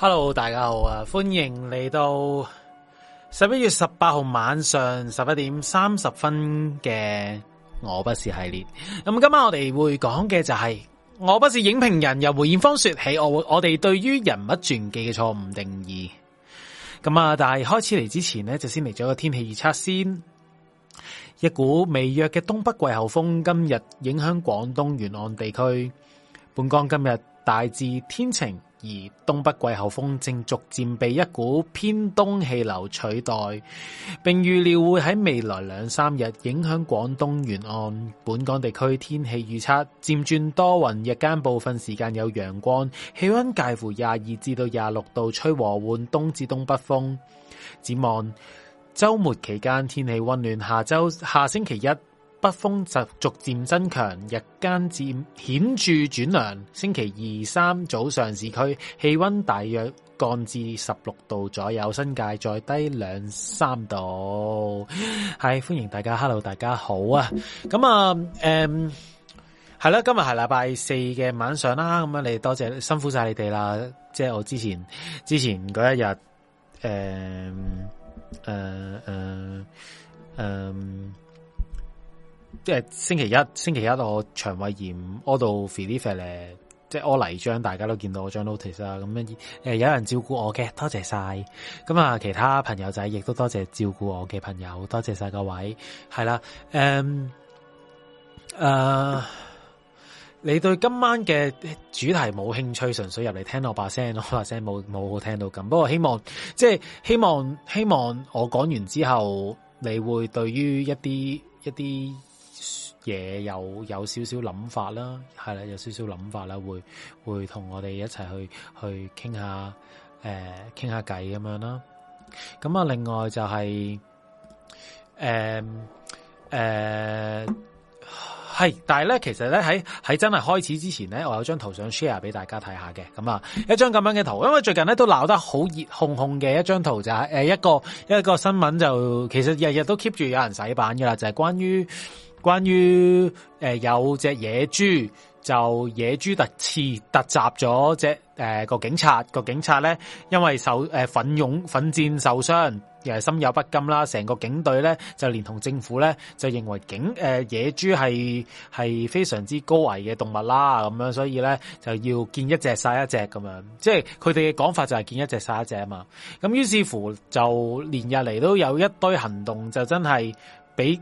hello，大家好啊，歡迎嚟到十一月十八號晚上十一點三十分嘅我不是系列。咁今晚我哋會講嘅就係、是、我不是影評人，由梅艷芳說起。我我哋對於人物傳記嘅錯誤定義。咁啊，但係開始嚟之前呢，就先嚟咗個天氣預測先。一股微弱嘅東北季候風今日影響廣東沿岸地區。本港今日大致天晴。而東北季候風正逐漸被一股偏東氣流取代，並預料會喺未來兩三日影響廣東沿岸本港地區。天氣預測漸轉多雲，日間部分時間有陽光，氣溫介乎廿二至到廿六度，吹和緩東至東北風，展望周末期間天氣溫暖，下周下星期一，北風就逐漸增強，日間漸顯著轉涼。星期二三早上市區氣溫大約降至十六度左右，新界再低兩三度。係，歡迎大家，Hello，大家好啊！咁、嗯、啊，誒，係啦，今日係禮拜四嘅晚上啦，咁啊，你多謝辛苦晒你哋啦。即係我之前之前嗰一日，誒、嗯，誒、嗯，誒、嗯，誒、嗯。即係、呃、星期一，星期一我腸胃炎屙到 p h i l i f i e 咧，即係屙泥漿，大家都見到我張 notice 啊。咁樣誒，有人照顧我嘅，多謝晒。咁啊，其他朋友仔亦都多謝照顧我嘅朋友，多謝晒各位。係、嗯、啦，誒，誒，你對今晚嘅主題冇興趣，純粹入嚟聽我把聲，我把聲冇冇好聽到咁。不過希望，即係希望，希望我講完之後，你會對於一啲一啲。嘢有有少少諗法啦，係啦，有少少諗法啦，會會同我哋一齊去去傾下誒，傾下偈咁樣啦。咁啊，另外就係誒誒係，但係咧，其實咧喺喺真係開始之前咧，我有張圖想 share 俾大家睇下嘅。咁啊，一張咁樣嘅圖，因為最近咧都鬧得好熱烘烘嘅一張圖，就是，就係誒一個一個新聞就其實日日都 keep 住有人洗版噶啦，就係、是、關於。關於誒有隻野豬就野豬突刺突襲咗隻誒個警察，個警察咧因為受誒奮、呃、勇奮戰受傷，又係心有不甘啦。成個警隊咧就連同政府咧就認為警誒、呃、野豬係係非常之高危嘅動物啦，咁樣所以咧就要見一隻殺一隻咁樣，即係佢哋嘅講法就係見一隻殺一隻啊嘛。咁於是乎就連日嚟都有一堆行動，就真係俾。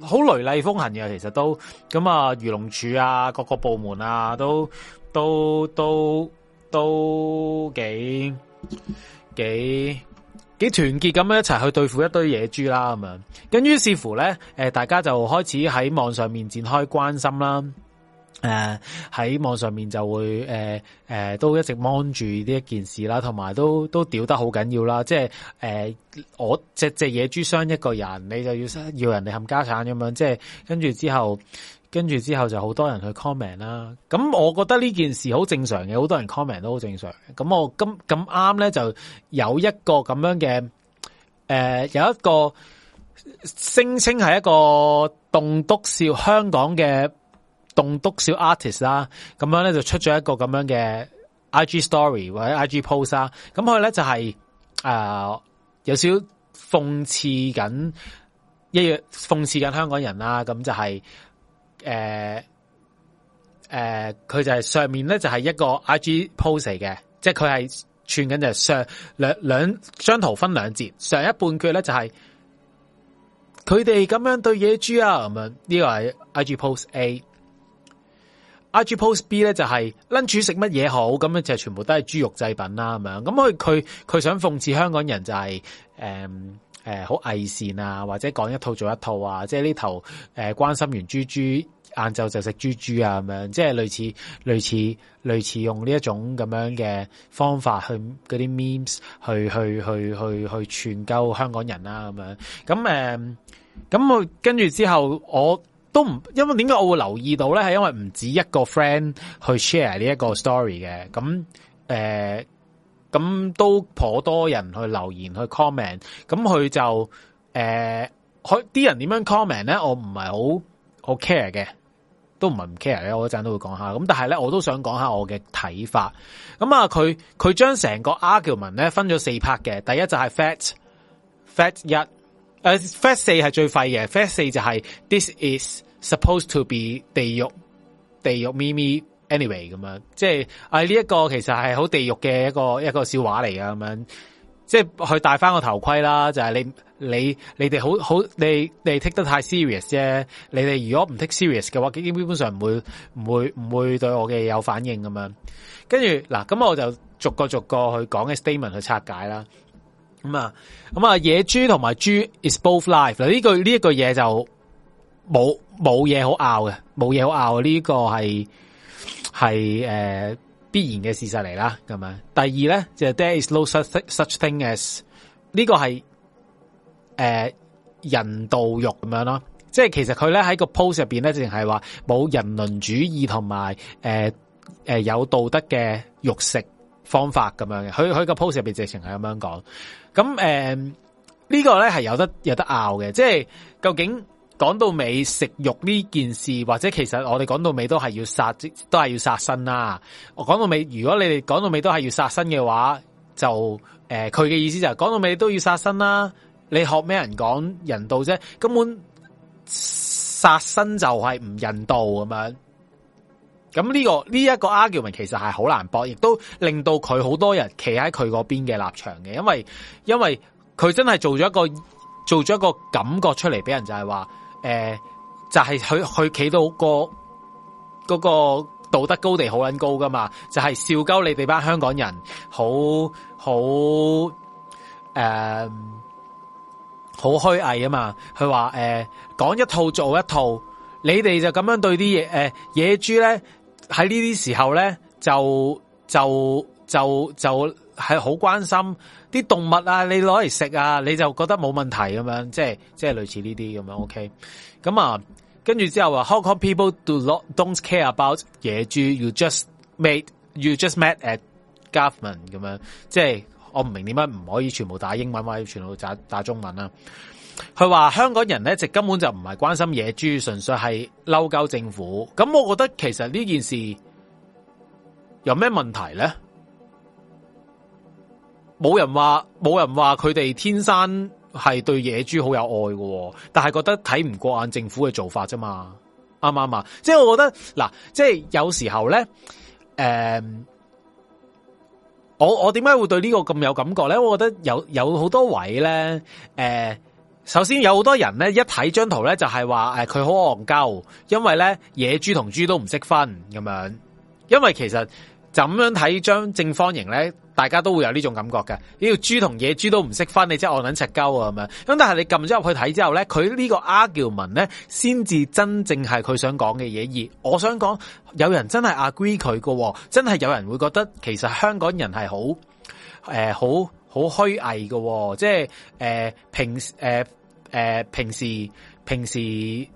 好雷厲風行嘅，其實都咁啊，漁農署啊，各個部門啊，都都都都幾幾幾團結咁樣一齊去對付一堆野豬啦咁樣。咁於是乎咧，誒，大家就開始喺網上面展開關心啦。誒，喺、呃、網上面就會誒誒、呃呃，都一直 mon 住呢一件事啦，同埋都都屌得好緊要啦，即係誒、呃，我隻隻野豬傷一個人，你就要要人哋冚家產咁樣，即係跟住之後，跟住之後就好多人去 comment 啦。咁我覺得呢件事好正常嘅，好多人 comment 都好正常。咁我今咁啱咧，就有一個咁樣嘅，誒、呃，有一個聲稱係一個棟篤笑香港嘅。棟篤笑 artist 啦，咁樣咧就出咗一個咁樣嘅 IG story 或者 IG post 啦，就是。咁佢咧就係誒有少少諷刺緊，一樣諷刺緊香港人啦，咁就係誒誒佢就係上面咧就係一個 IG post 嚟嘅，即係佢係串緊就係上兩兩張圖分兩節，上一半句咧就係佢哋咁樣對野豬啊咁樣，呢、這個係 IG post A。IG Post B 咧，就係 lunch 食乜嘢好？咁咧，就全部都係豬肉製品啦咁樣，咁佢佢佢想諷刺香港人就係誒誒好偽善啊，或者講一套做一套啊，即係呢頭誒、呃、關心完豬豬，晏晝就食豬豬啊咁樣，即係類似類似類似類似用呢一種咁樣嘅方法去嗰啲 memes 去去去去去串鳩香港人啦咁樣，咁誒咁我跟住之後我。都唔，因為點解我會留意到咧？係因為唔止一個 friend 去 share 呢一個 story 嘅，咁誒，咁、呃、都頗多人去留言去 comment，咁佢就誒，佢、呃、啲人點樣 comment 咧？我唔係好好 care 嘅，都唔係唔 care 咧。我一陣都會講下，咁但係咧，我都想講下我嘅睇法。咁啊，佢佢將成個 argument 咧分咗四 part 嘅，第一就係 fat fat 一。誒，Fast，uh, 四係最廢嘅，Fast 四就係 This is supposed to be 地獄地獄咪咪，anyway 咁樣，即係啊呢一、這個其實係好地獄嘅一個一個笑話嚟噶咁樣，即係佢戴翻個頭盔啦，就係、是、你你你哋好好你你 take 得太 serious 啫，你哋如果唔 take serious 嘅話，基本上唔會唔會唔會對我嘅有反應咁樣，跟住嗱，咁我就逐個逐個去講嘅 statement 去拆解啦。咁啊，咁啊、嗯嗯，野豬同埋豬 is both life 嗱，呢句呢一句嘢，就冇冇嘢好拗嘅，冇嘢好拗呢個係係誒必然嘅事實嚟啦，咁啊。第二咧就係、there is no such, such thing as 呢個係誒、呃、人道肉咁樣咯，即係其實佢咧喺個 post 入邊咧，淨係話冇人倫主義同埋誒誒有道德嘅肉食方法咁樣嘅，佢佢個 post 入邊直情係咁樣講。咁誒，呢個咧係有得有得拗嘅，即係究竟講到尾，食肉呢件事，或者其實我哋講到尾都係要殺，都係要殺身啦。我講到尾，如果你哋講到尾都係要殺身嘅話，就誒，佢嘅意思就係講到尾都要殺身啦。你學咩人講人道啫？根本殺身就係唔人道咁樣。咁呢個呢一個 argument 其實係好難博，亦都令到佢好多人企喺佢嗰邊嘅立場嘅，因為因為佢真係做咗一個做咗一個感覺出嚟俾人就、呃，就係話誒，就係佢佢企到、嗰個嗰、嗰個道德高地好撚高噶嘛，就係、是、笑鳩你哋班香港人好好誒好虛偽啊嘛。佢話誒講一套做一套，你哋就咁樣對啲野、呃、野豬咧。喺呢啲時候咧，就就就就係、是、好關心啲動物啊！你攞嚟食啊，你就覺得冇問題咁樣，即係即係類似呢啲咁樣 OK。咁啊，跟住之後話 Hong Kong people do not don't care about 野豬，you just made you just met at government 咁樣，樣，即係我唔明點解唔可以全部打英文，或者全部打打中文啊？佢話香港人咧，直根本就唔係關心野豬，純粹係嬲鳩政府。咁我覺得其實呢件事有咩問題咧？冇人話，冇人話佢哋天生係對野豬好有愛喎，但係覺得睇唔過眼政府嘅做法啫嘛。啱唔啱啊？即係我覺得嗱，即係有時候咧，誒、呃，我我點解會對呢個咁有感覺咧？我覺得有有好多位咧，誒、呃。首先有好多人咧，一睇張圖咧，就係話誒，佢好憨鳩，因為咧，野豬同豬都唔識分咁樣。因為其實怎樣睇張正方形咧，大家都會有呢種感覺嘅。呢個豬同野豬都唔識分，你真係戇捻赤鳩啊咁樣。咁但係你撳咗入去睇之後咧，佢呢個 argument 咧先至真正係佢想講嘅嘢。而我想講，有人真係 agree 佢嘅，真係有人會覺得其實香港人係好誒，好。呃好虛偽嘅、哦，即係誒平誒、呃呃、平時平時誒、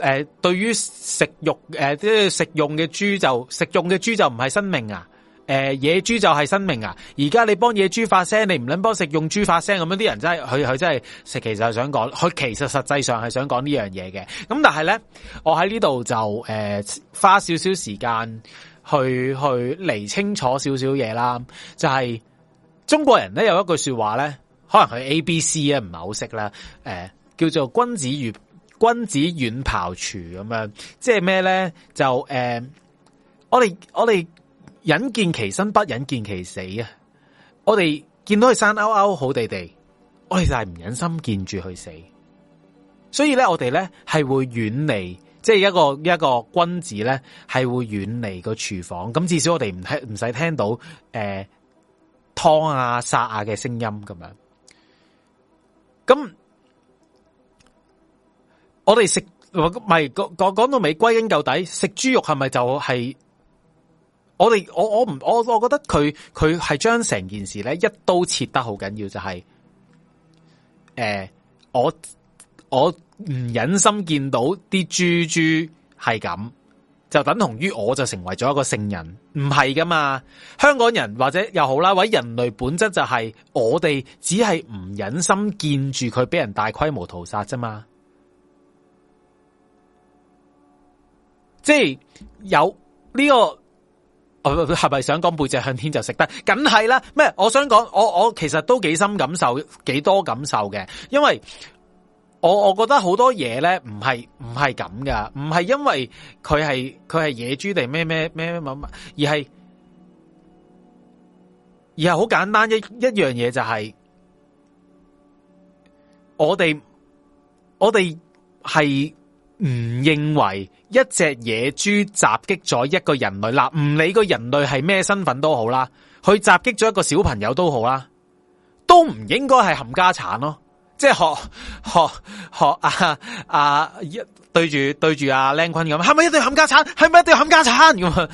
呃、對於食肉即、呃、食用嘅豬就食用嘅豬就唔係生命啊！誒、呃、野豬就係生命啊！而家你幫野豬發聲，你唔撚幫食用豬發聲咁樣，啲人真係佢佢真係食其實係想講，佢其實實際上係想講呢樣嘢嘅。咁但係咧，我喺呢度就、呃、花少少時間去去釐清楚少少嘢啦，就係、是。中國人咧有一句說話咧，可能佢 A、B、C 啊，唔係好識啦。誒，叫做君子如君子遠庖廚咁樣，即係咩咧？就誒、呃，我哋我哋忍見其生不忍見其死啊！我哋見到佢生勾勾好地地，我哋就係唔忍心見住佢死。所以咧，我哋咧係會遠離，即係一個一個君子咧係會遠離個廚房。咁至少我哋唔聽唔使聽到誒。呃劏啊、殺啊嘅聲音咁樣，咁我哋食唔係個講講到尾歸根究底，食豬肉係咪就係、是、我哋我我唔我我覺得佢佢係將成件事咧一刀切得好緊要，就係、是、誒、呃、我我唔忍心見到啲豬豬係咁。就等同於我就成為咗一個聖人，唔係噶嘛？香港人或者又好啦，位人類本質就係我哋只係唔忍心見住佢俾人大規模屠殺啫嘛。 即係有呢個，係咪想講背脊向天就食得？梗係啦。咩？我想講，我我其實都幾深感受，幾多感受嘅，因為。我我覺得好多嘢咧，唔係唔係咁噶，唔係因為佢係佢係野豬定咩咩咩咩乜乜，而係而係好簡單一一樣嘢就係、是、我哋我哋係唔認為一隻野豬襲擊咗一個人類，嗱唔理個人類係咩身份都好啦，佢襲擊咗一個小朋友都好啦，都唔應該係冚家鏟咯。即係學學學啊啊，啊！對住對住阿靚坤咁，係咪一定要冚家鏟？係咪一定要冚家鏟？咁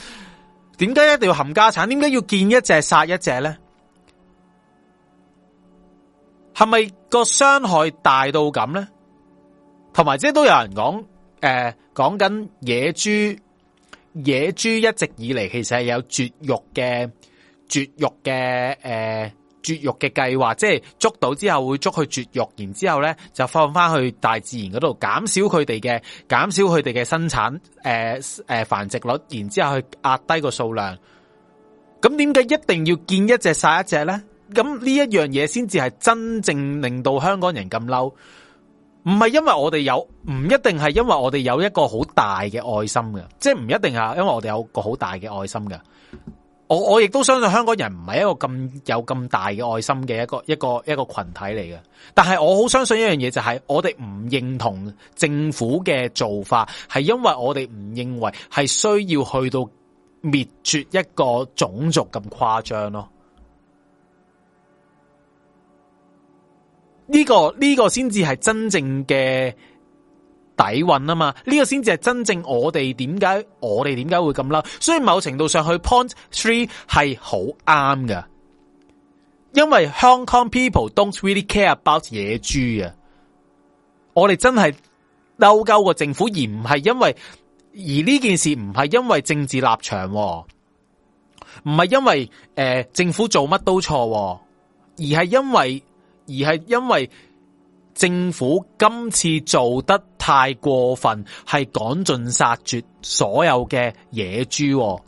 點解一定要冚家鏟？點解要見一隻殺一隻咧？係咪個傷害大到咁咧？同埋即係都有人講，誒、呃，講緊野豬，野豬一直以嚟其實係有絕育嘅，絕育嘅，誒、呃。絕育嘅計劃，即係捉到之後會捉去絕育，然之後咧就放翻去大自然嗰度，減少佢哋嘅減少佢哋嘅生產，誒、呃、誒、呃、繁殖率，然之後去壓低個數量。咁點解一定要見一隻殺一隻呢？咁呢一樣嘢先至係真正令到香港人咁嬲，唔係因為我哋有，唔一定係因為我哋有一個好大嘅愛心嘅，即係唔一定係因為我哋有個好大嘅愛心嘅。我我亦都相信香港人唔係一個咁有咁大嘅愛心嘅一個一個一個群體嚟嘅，但係我好相信一樣嘢，就係我哋唔認同政府嘅做法，係因為我哋唔認為係需要去到滅絕一個種族咁誇張咯。呢個呢個先至係真正嘅。底蘊啊嘛，呢、這個先至係真正，我哋點解我哋點解會咁嬲，所以某程度上去 point three 係好啱噶因為 Hong Kong people don't really care about 野豬啊，我哋真係嬲鳩個政府，而唔係因為而呢件事唔係因為政治立場，唔係因為誒、呃、政府做乜都錯，而係因為而係因為。而是因為政府今次做得太過分，係趕盡殺絕所有嘅野豬啊。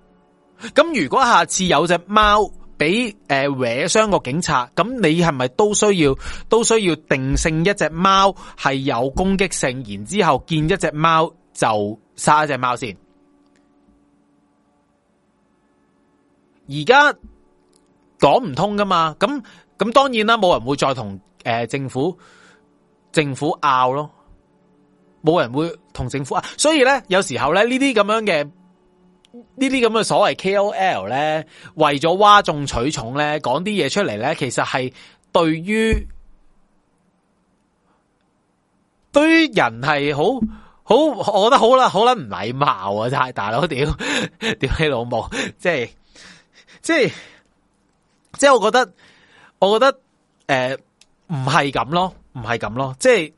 咁如果下次有隻貓俾誒搲傷個警察，咁你係咪都需要都需要定性一隻貓係有攻擊性？然之後見一隻貓就殺一隻貓先。而家講唔通㗎嘛？咁咁當然啦，冇人會再同誒、呃、政府。政府拗咯，冇人會同政府拗，所以咧，有時候咧，呢啲咁樣嘅，呢啲咁嘅所謂 KOL 咧，為咗嘩眾取寵咧，講啲嘢出嚟咧，其實係對於對於人係好好，我覺得好啦，好啦，唔禮貌啊，大佬，屌，屌你老母，即係即係即係，我覺得我覺得誒。呃唔係咁咯，唔係咁咯，即係。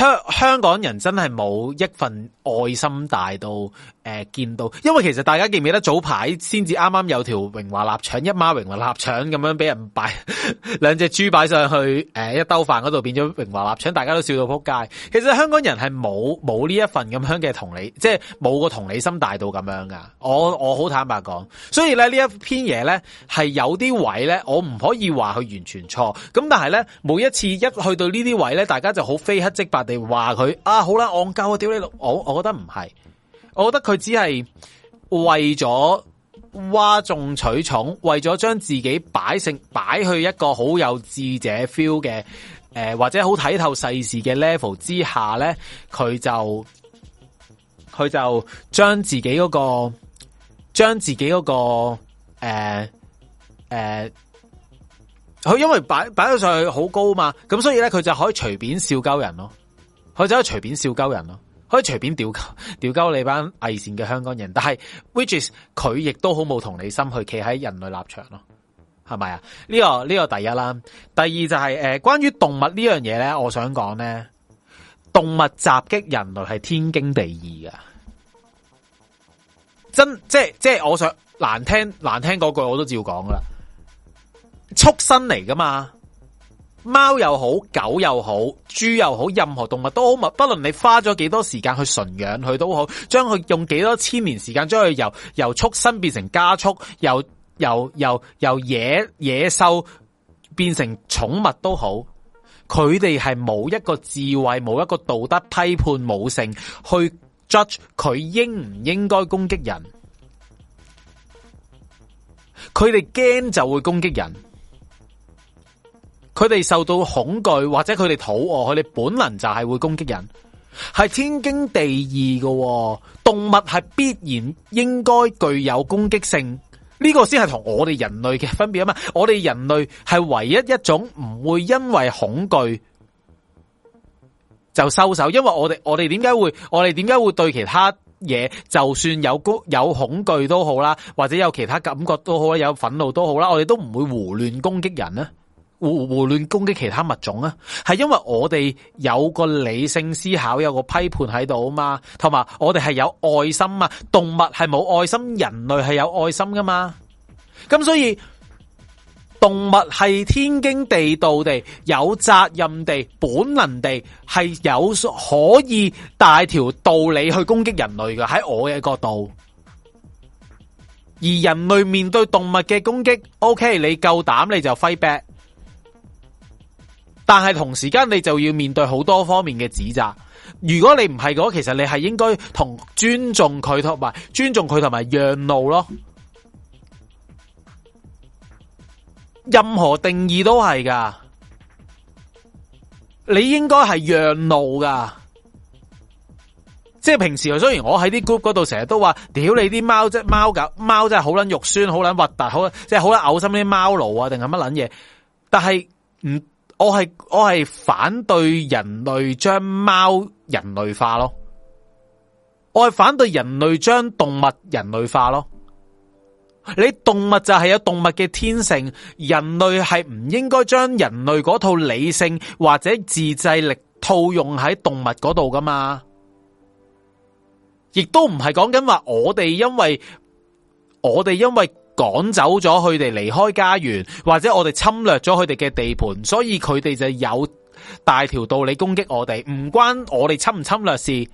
香香港人真係冇一份愛心大到誒、呃、見到，因為其實大家記唔記得早排先至啱啱有條榮華臘腸，一孖榮華臘腸咁樣俾人擺兩隻豬擺上去誒、呃，一兜飯嗰度變咗榮華臘腸，大家都笑到撲街。其實香港人係冇冇呢一份咁樣嘅同理，即係冇個同理心大到咁樣噶。我我好坦白講，所以咧呢一篇嘢咧係有啲位咧，我唔可以話佢完全錯。咁但係咧每一次一去到呢啲位咧，大家就好非黑即白。你話佢啊好啦，戇鳩我屌你老，我我覺得唔係，我覺得佢只係為咗嘩眾取寵，為咗將自己擺成擺去一個好有智者 feel 嘅，誒、呃，或者好睇透世事嘅 level 之下咧，佢就佢就將自己、嗰個將自己、嗰個誒誒，佢、呃呃、因為擺擺咗上去好高嘛，咁所以咧佢就可以隨便笑鳩人咯。佢就可以隨便笑鳩人咯，可以隨便屌屌鳩你班偽善嘅香港人，但係，which is 佢亦都好冇同理心去企喺人類立場咯，係咪啊？呢、這個呢、這個第一啦，第二就係、是、誒、呃，關於動物這件事呢樣嘢咧，我想講咧，動物襲擊人類係天經地義噶，真即係即係，我想難聽難聽嗰句，我都照講噶啦，畜生嚟噶嘛。貓又好，狗又好，豬又好，任何動物都好，不論你花咗幾多時間去馴養佢都好，將佢用幾多千年時間將佢由由畜生變成家畜，由，由，由，由野野獸變成寵物都好，佢哋係冇一個智慧，冇一個道德批判武性去 judge 佢應唔應該攻擊人，佢哋驚就會攻擊人。佢哋受到恐懼或者佢哋肚餓，佢哋本能就係會攻擊人，係天經地義噶喎。動物係必然應該具有攻擊性，呢個先係同我哋人類嘅分別啊嘛。我哋人類係唯一一種唔會因為恐懼就收手，因為我哋我哋點解會我哋點解會對其他嘢，就算有公有恐懼都好啦，或者有其他感覺都好啦，有憤怒都好啦，我哋都唔會胡亂攻擊人呢。胡胡亂攻擊其他物種啊，係因為我哋有個理性思考，有個批判喺度啊嘛，同埋我哋係有愛心啊嘛，動物係冇愛心，人類係有愛心噶嘛，咁所以動物係天經地道地有責任地本能地係有可以帶條道理去攻擊人類嘅，喺我嘅角度。而人類面對動物嘅攻擊，OK，你夠膽你就 fight back。但係同時間你就要面對好多方面嘅指責。如果你唔係嘅話，其實你係應該同尊重佢同埋尊重佢同埋讓路咯。任何定義都係噶，你應該係讓路噶。即係平時雖然我喺啲 group 嗰度成日都話，屌你啲貓啫，貓狗貓真係好撚肉酸，好撚核突，好即係好撚嘔心啲貓奴啊，定係乜撚嘢？但係唔。我係我係反對人類將貓人類化咯，我係反對人類將動物人類化咯。你動物就係有動物嘅天性，人類係唔應該將人類嗰套理性或者自制力套用喺動物嗰度㗎嘛？亦都唔係講緊話我哋因為我哋因為。我們因為趕走咗佢哋離開家園，或者我哋侵略咗佢哋嘅地盤，所以佢哋就有大條道理攻擊我哋，唔關我哋侵唔侵略事。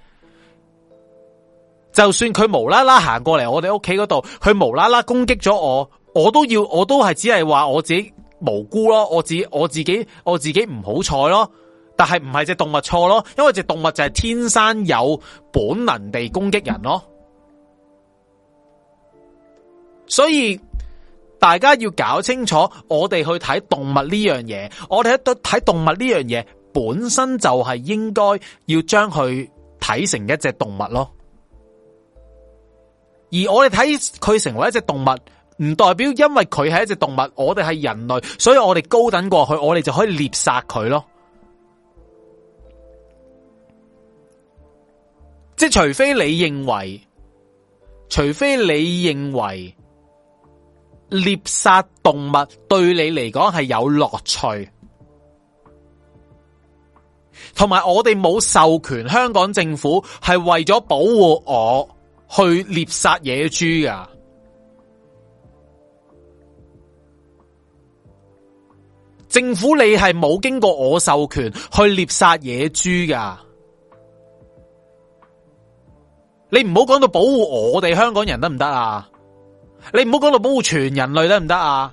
就算佢無啦啦行過嚟我哋屋企嗰度，佢無啦啦攻擊咗我，我都要，我都係只係話我自己無辜咯，我自我自己我自己唔好彩咯，但係唔係隻動物錯咯，因為隻動物就係天生有本能地攻擊人咯。所以大家要搞清楚，我哋去睇動物呢樣嘢，我哋喺度睇動物呢樣嘢本身就係應該要將佢睇成一隻動物咯。而我哋睇佢成為一隻動物，唔代表因為佢係一隻動物，我哋係人類，所以我哋高等過去，我哋就可以獵殺佢咯。即係除非你認為，除非你認為。獵殺動物對你嚟講係有樂趣，同埋我哋冇授權，香港政府係為咗保護我去獵殺野豬噶政府你係冇經過我授權去獵殺野豬噶你唔好講到保護我哋香港人得唔得啊？你唔好講到保護全人類得唔得啊？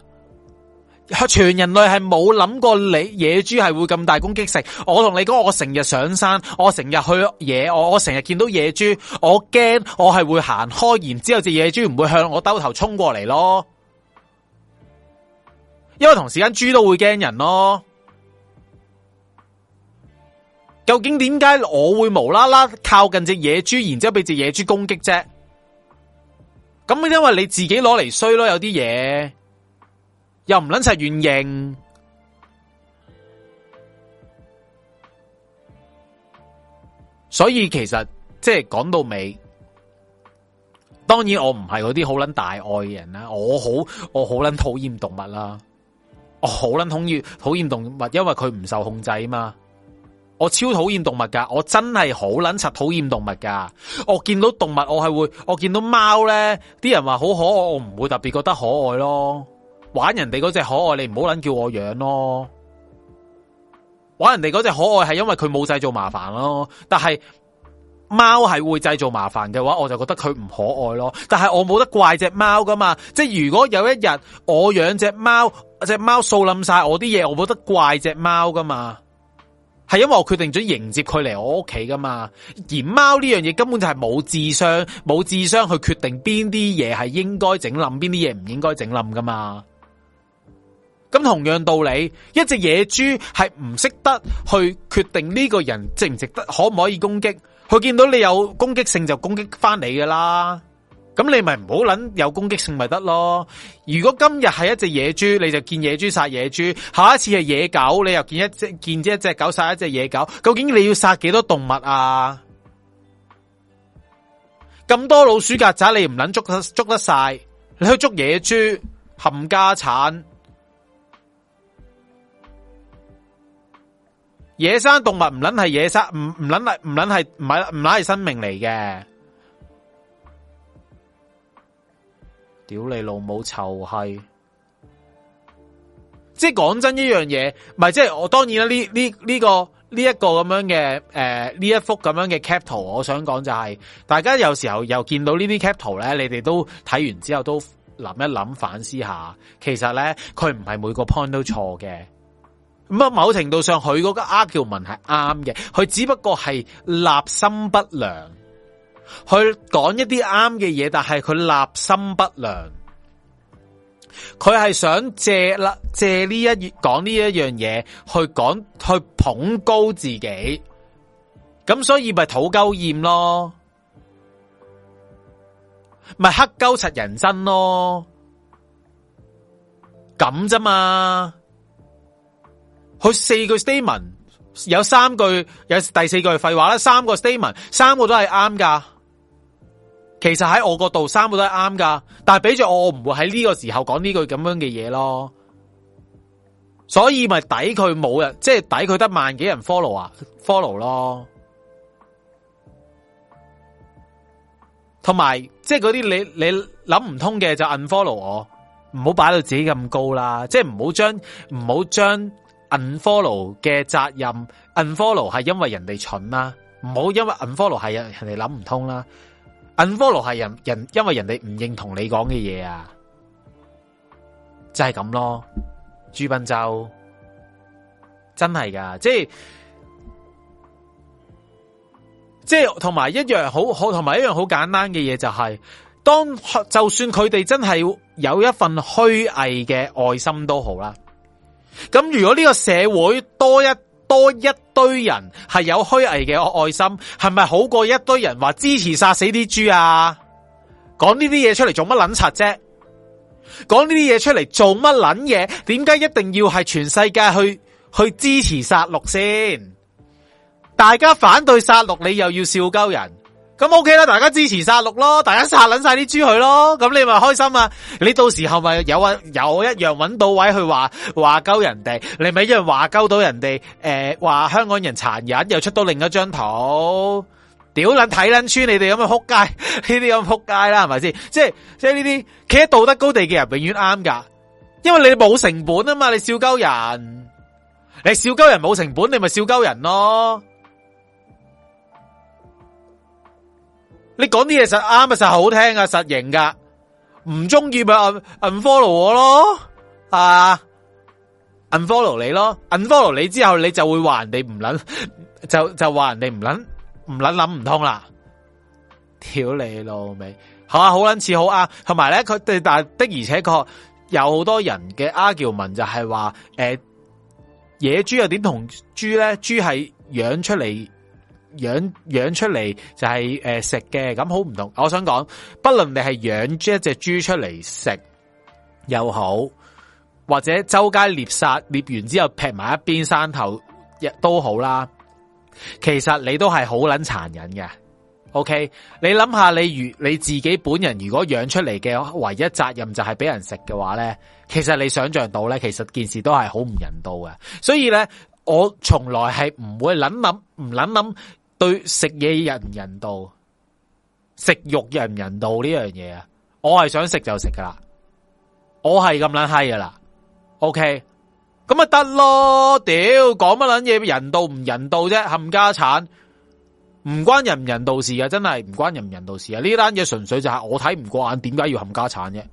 全人類係冇諗過你野豬係會咁大攻擊性。我同你講，我成日上山，我成日去野，我我成日見到野豬，我驚我係會行開，然之後隻野豬唔會向我兜頭衝過嚟咯。因為同時間豬都會驚人咯。究竟點解我會無啦啦靠近隻野豬，然之後俾隻野豬攻擊啫？咁因為你自己攞嚟衰咯，有啲嘢又唔捻晒軟硬，所以其實即係講到尾，當然我唔係嗰啲好捻大愛嘅人啦，我好我好捻討厭動物啦，我好捻討厭討厭動物，因為佢唔受控制啊嘛。我超討厭動物噶，我真係好捻柒討厭動物噶。我見到動物，我係會，我見到貓咧，啲人話好可愛，我唔會特別覺得可愛咯。玩人哋嗰隻可愛，你唔好捻叫我養咯。玩人哋嗰隻可愛，係因為佢冇製造麻煩咯。但係貓係會製造麻煩嘅話，我就覺得佢唔可愛咯。但係我冇得怪隻貓噶嘛。即係如果有一日我養隻貓，隻貓掃冧晒我啲嘢，我冇得怪隻貓噶嘛。係因為我決定咗迎接佢嚟我屋企噶嘛，而貓呢樣嘢根本就係冇智商，冇智商去決定邊啲嘢係應該整冧，邊啲嘢唔應該整冧噶嘛。咁同樣道理，一隻野豬係唔識得去決定呢個人值唔值得，可唔可以攻擊？佢見到你有攻擊性就攻擊翻你噶啦。咁你咪唔好諗有攻擊性咪得咯？如果今日係一隻野豬，你就見野豬殺野豬；下一次係野狗，你又見一隻見一隻狗殺一隻野狗。究竟你要殺幾多動物啊？咁多老鼠、曱甴，你唔捻捉，捉得捉得晒？你去捉野豬，冚家鏟！野生動物唔捻係野生，唔唔捻係唔捻係唔捻係生命嚟嘅。屌你老母臭閪，即係講真呢樣嘢，唔係即係我當然啦。呢呢呢個呢一、這個咁樣嘅誒呢一幅咁樣嘅 cap 圖，我想講就係、是，大家有時候又見到呢啲 cap 圖咧，你哋都睇完之後都諗一諗，反思下，其實咧佢唔係每個 point 都錯嘅。咁啊，某程度上佢嗰個 argument 係啱嘅，佢只不過係立心不良。去講一啲啱嘅嘢，但係佢立心不良，佢係想借啦借呢一講呢一樣嘢去講去捧高自己，咁所以咪討鳩厭咯，咪黑鳩柒人真咯，咁啫嘛。佢四句 statement 有三句有第四句廢話啦，三個 statement 三個都係啱噶。其實喺我個度，三個都係啱㗎，但係俾住我，我唔會喺呢個時候講呢句咁樣嘅嘢咯。所以咪抵佢冇人，即係抵佢得萬幾人 follow 啊，follow 咯。同埋即係嗰啲你你諗唔通嘅就 unfollow 我，唔好擺到自己咁高啦，即係唔好將唔好將 unfollow 嘅責任 unfollow 係因為人哋蠢啦、啊，唔好因為 unfollow 係人哋諗唔通啦、啊。unfollow 係人人，因為人哋唔認同你講嘅嘢啊，就係、是、咁咯。朱斌洲，真係噶，即係即係同埋一樣好，同埋一樣好簡單嘅嘢就係、是，當就算佢哋真係有一份虛偽嘅愛心都好啦。咁如果呢個社會多一。多一堆人係有虛偽嘅愛心，係咪好過一堆人話支持殺死啲豬啊？講呢啲嘢出嚟做乜捻柒啫？講呢啲嘢出嚟做乜捻嘢？點解一定要係全世界去去支持殺戮先？大家反對殺戮，你又要笑鳩人？咁 OK 啦，大家支持殺戮咯，大家殺捻晒啲豬去咯，咁你咪開心啊！你到時候咪有啊有一樣揾到位去話話鳩人哋，你咪一樣話鳩到人哋誒話香港人殘忍，又出到另一張圖，屌捻睇捻穿你哋咁啊撲街，呢啲咁撲街啦係咪先？即係即係呢啲企喺道德高地嘅人永遠啱噶，因為你冇成本啊嘛，你笑鳩人，你笑鳩人冇成本，你咪笑鳩人咯。你講啲嘢實啱啊，實好聽啊，實型噶唔中意咪 unfollow 我咯，啊、uh,，unfollow 你咯，unfollow 你之後你就會話人哋唔捻，就就話人哋唔捻唔捻諗唔通啦，屌你老味好啊好撚似好啊，同埋咧佢對但的而且確有好多人嘅 argument 就係話誒野豬又點同豬咧，豬係養出嚟。養養出嚟就係誒食嘅咁好唔同。我想講，不論你係養住一隻豬出嚟食又好，或者周街獵殺獵完之後劈埋一邊山頭亦都好啦，其實你都係好捻殘忍嘅。OK，你諗下你如你自己本人如果養出嚟嘅唯一責任就係俾人食嘅話咧，其實你想象到咧，其實件事都係好唔人道嘅。所以咧，我從來係唔會諗諗唔諗諗。對食嘢人唔人道，食肉人唔人道呢樣嘢啊！我係想食就食噶啦，我係咁捻閪噶啦。OK，咁咪得咯，屌講乜捻嘢？人道唔人道啫，冚家鏟，唔關人唔人道事啊！真係唔關人唔人道事啊！呢單嘢純粹就係我睇唔過眼，點解要冚家鏟啫？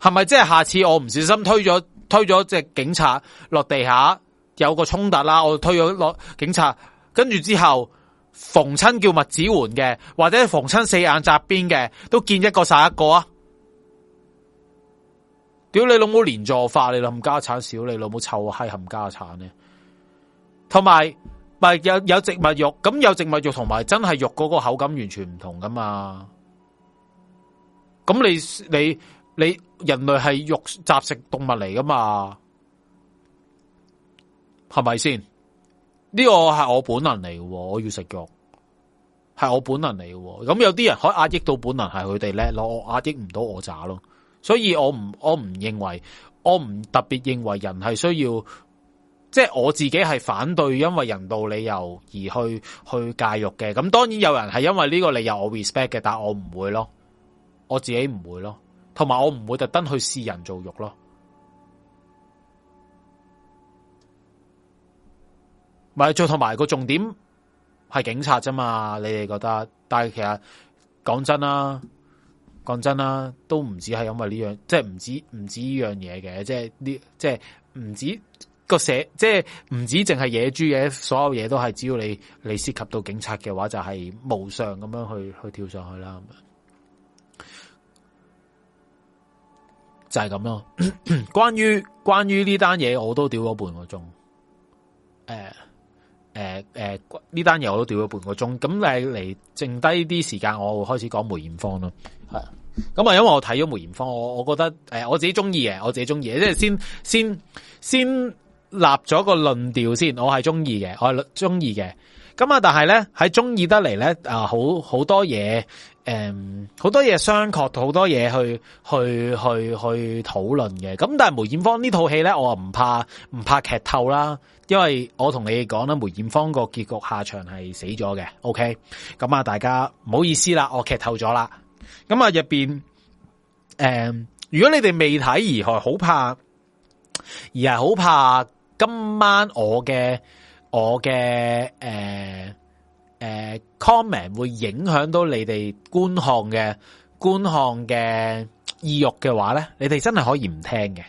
係咪即係下次我唔小心推咗推咗隻警察落地下有個衝突啦？我推咗落警察。跟住之後，逢親叫麥子桓嘅，或者逢親四眼扎邊嘅，都見一個殺一個啊！屌你老母連坐化，你冚家產少，你老母臭閪冚家產呢？同埋，有有植物肉，咁有植物肉同埋真係肉嗰個口感完全唔同噶嘛？咁你你你人類係肉雜食動物嚟噶嘛？係咪先？呢個係我本能嚟嘅，我要食肉係我本能嚟嘅。咁有啲人可以壓抑到本能，係佢哋叻咯，我壓抑唔到我咋咯。所以我唔我唔認為，我唔特別認為人係需要，即係我自己係反對，因為人道理由而去去戒肉嘅。咁當然有人係因為呢個理由，我 respect 嘅，但係我唔會咯，我自己唔會咯，同埋我唔會特登去試人造肉咯。咪再同埋個重點係警察啫嘛，你哋覺得？但係其實講真啦，講真啦，都唔止係因為呢樣，即係唔止唔止呢樣嘢嘅，即係呢，即係唔止個社，即係唔止淨係野豬嘢，所有嘢都係只要你你涉及到警察嘅話，就係、是、無上咁樣去去跳上去啦。就係咁咯。關於關於呢單嘢，我都屌咗半個鐘。誒、呃。誒誒，呢單嘢我都調咗半個鐘，咁你嚟，剩低啲時間，我會開始講梅艷芳咯。係，咁啊，因為我睇咗梅艷芳,我我覺得誒、呃，我自己中意嘅，我自己中意嘅，即係先先先立咗個論調先，我係中意嘅，我係中意嘅。咁啊，但係咧喺中意得嚟咧啊，好好多嘢。誒，好多嘢，商榷，好多嘢去去去去討論嘅。咁但係梅艷芳呢套戲咧，我啊唔怕唔怕劇透啦，因為我同你講啦，梅艷芳個結局下場係死咗嘅。OK，咁啊大家唔好意思啦，我劇透咗啦。咁啊入邊，誒，如果你哋未睇而害好怕，而係好怕今晚我嘅我嘅誒。嗯誒、呃、comment 會影響到你哋觀看嘅觀看嘅意欲嘅話咧，你哋真係可以唔聽嘅。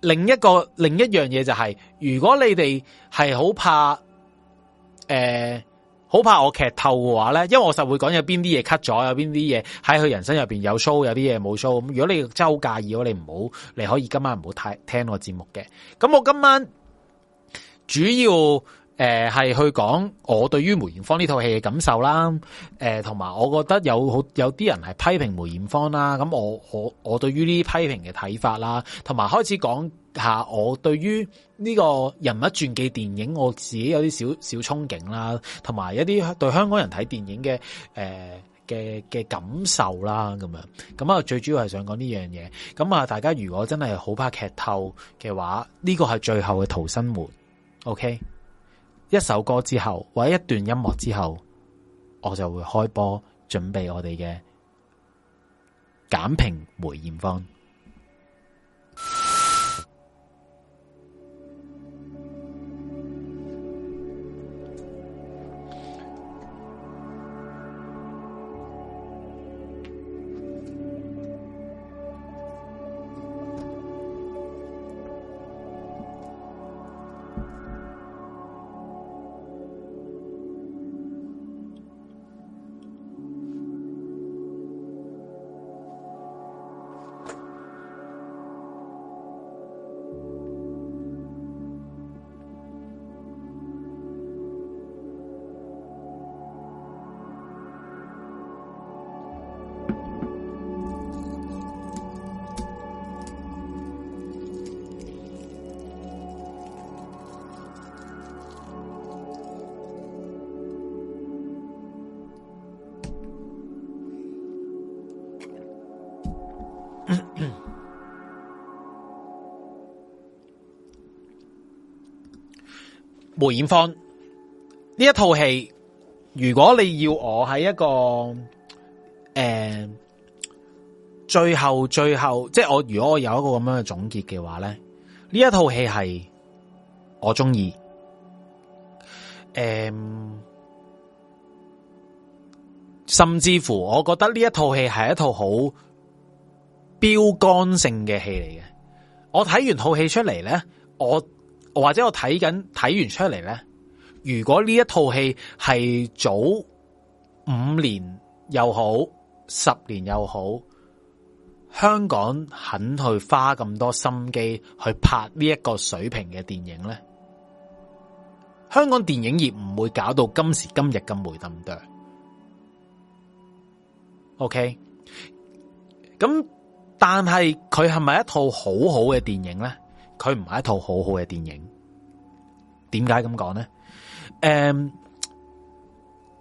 另一個另一樣嘢就係、是，如果你哋係好怕，誒、呃，好怕我劇透嘅話咧，因為我就會講有邊啲嘢 cut 咗，有邊啲嘢喺佢人生入邊有 show，有啲嘢冇 show。咁如果你真係好介意，我你唔好，你可以今晚唔好聽聽我節目嘅。咁我今晚主要。誒，係、呃、去講我對於梅艷芳呢套戲嘅感受啦，誒、呃，同埋我覺得有好有啲人係批評梅艷芳啦，咁我我我對於呢啲批評嘅睇法啦，同埋開始講下我對於呢個人物傳記電影，我自己有啲少少憧憬啦，同埋一啲對香港人睇電影嘅誒嘅嘅感受啦，咁樣，咁啊最主要係想講呢樣嘢，咁啊大家如果真係好怕劇透嘅話，呢個係最後嘅逃生門，OK。一首歌之後，或者一段音樂之後，我就會開波，準備我哋嘅簡評梅艷芳。梅艷芳呢一套戲，如果你要我喺一個誒、欸，最後最後，即係我如果我有一個咁樣嘅總結嘅話咧，呢一套戲係我中意，誒、欸，甚至乎我覺得呢一套戲係一套好標杆性嘅戲嚟嘅。我睇完套戲出嚟咧，我。或者我睇緊睇完出嚟咧，如果呢一套戲係早五年又好，十年又好，香港肯去花咁多心機去拍呢一個水平嘅電影咧，香港電影業唔會搞到今時今日咁霉咁對。O K，咁但係佢係咪一套好好嘅電影咧？佢唔係一套好好嘅電影，點解咁講呢？誒、嗯，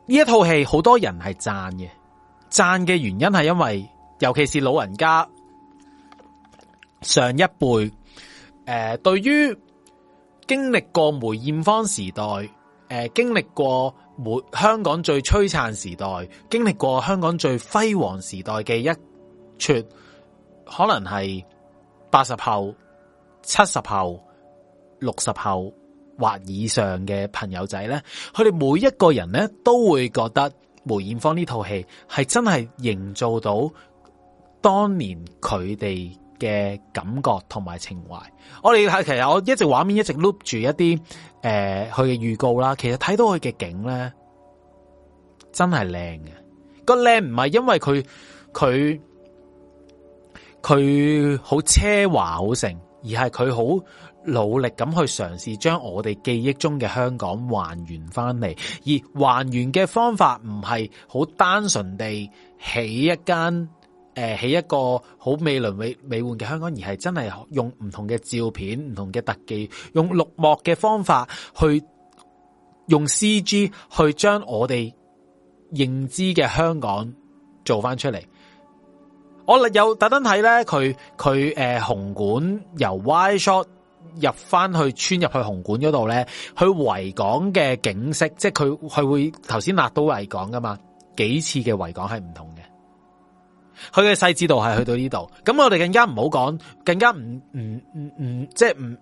呢一套戲好多人係讚嘅，讚嘅原因係因為，尤其是老人家上一輩，誒、呃，對於經歷過梅艷芳時代，誒、呃，經歷過梅香港最璀璨時代，經歷過香港最輝煌時代嘅一撮，可能係八十後。七十後、六十後或以上嘅朋友仔咧，佢哋每一個人咧都會覺得梅艷芳呢套戲係真係營造到當年佢哋嘅感覺同埋情懷。我哋睇，其實我一直畫面一直 look 住一啲誒佢嘅預告啦，其實睇到佢嘅景咧，真係靚嘅。個靚唔係因為佢佢佢好奢華好盛。而係佢好努力咁去嘗試將我哋記憶中嘅香港還原翻嚟，而還原嘅方法唔係好單純地起一間誒，起、呃、一個好美輪美美奐嘅香港，而係真係用唔同嘅照片、唔同嘅特技，用綠幕嘅方法去用 CG 去將我哋認知嘅香港做翻出嚟。我又特登睇咧，佢佢誒紅館由 Y shot 入翻去穿入去紅館嗰度咧，佢維港嘅景色，即係佢佢會頭先阿都係講噶嘛，幾次嘅維港係唔同嘅，佢嘅細緻度係去到呢度。咁我哋更加唔好講，更加唔唔唔唔，即係唔。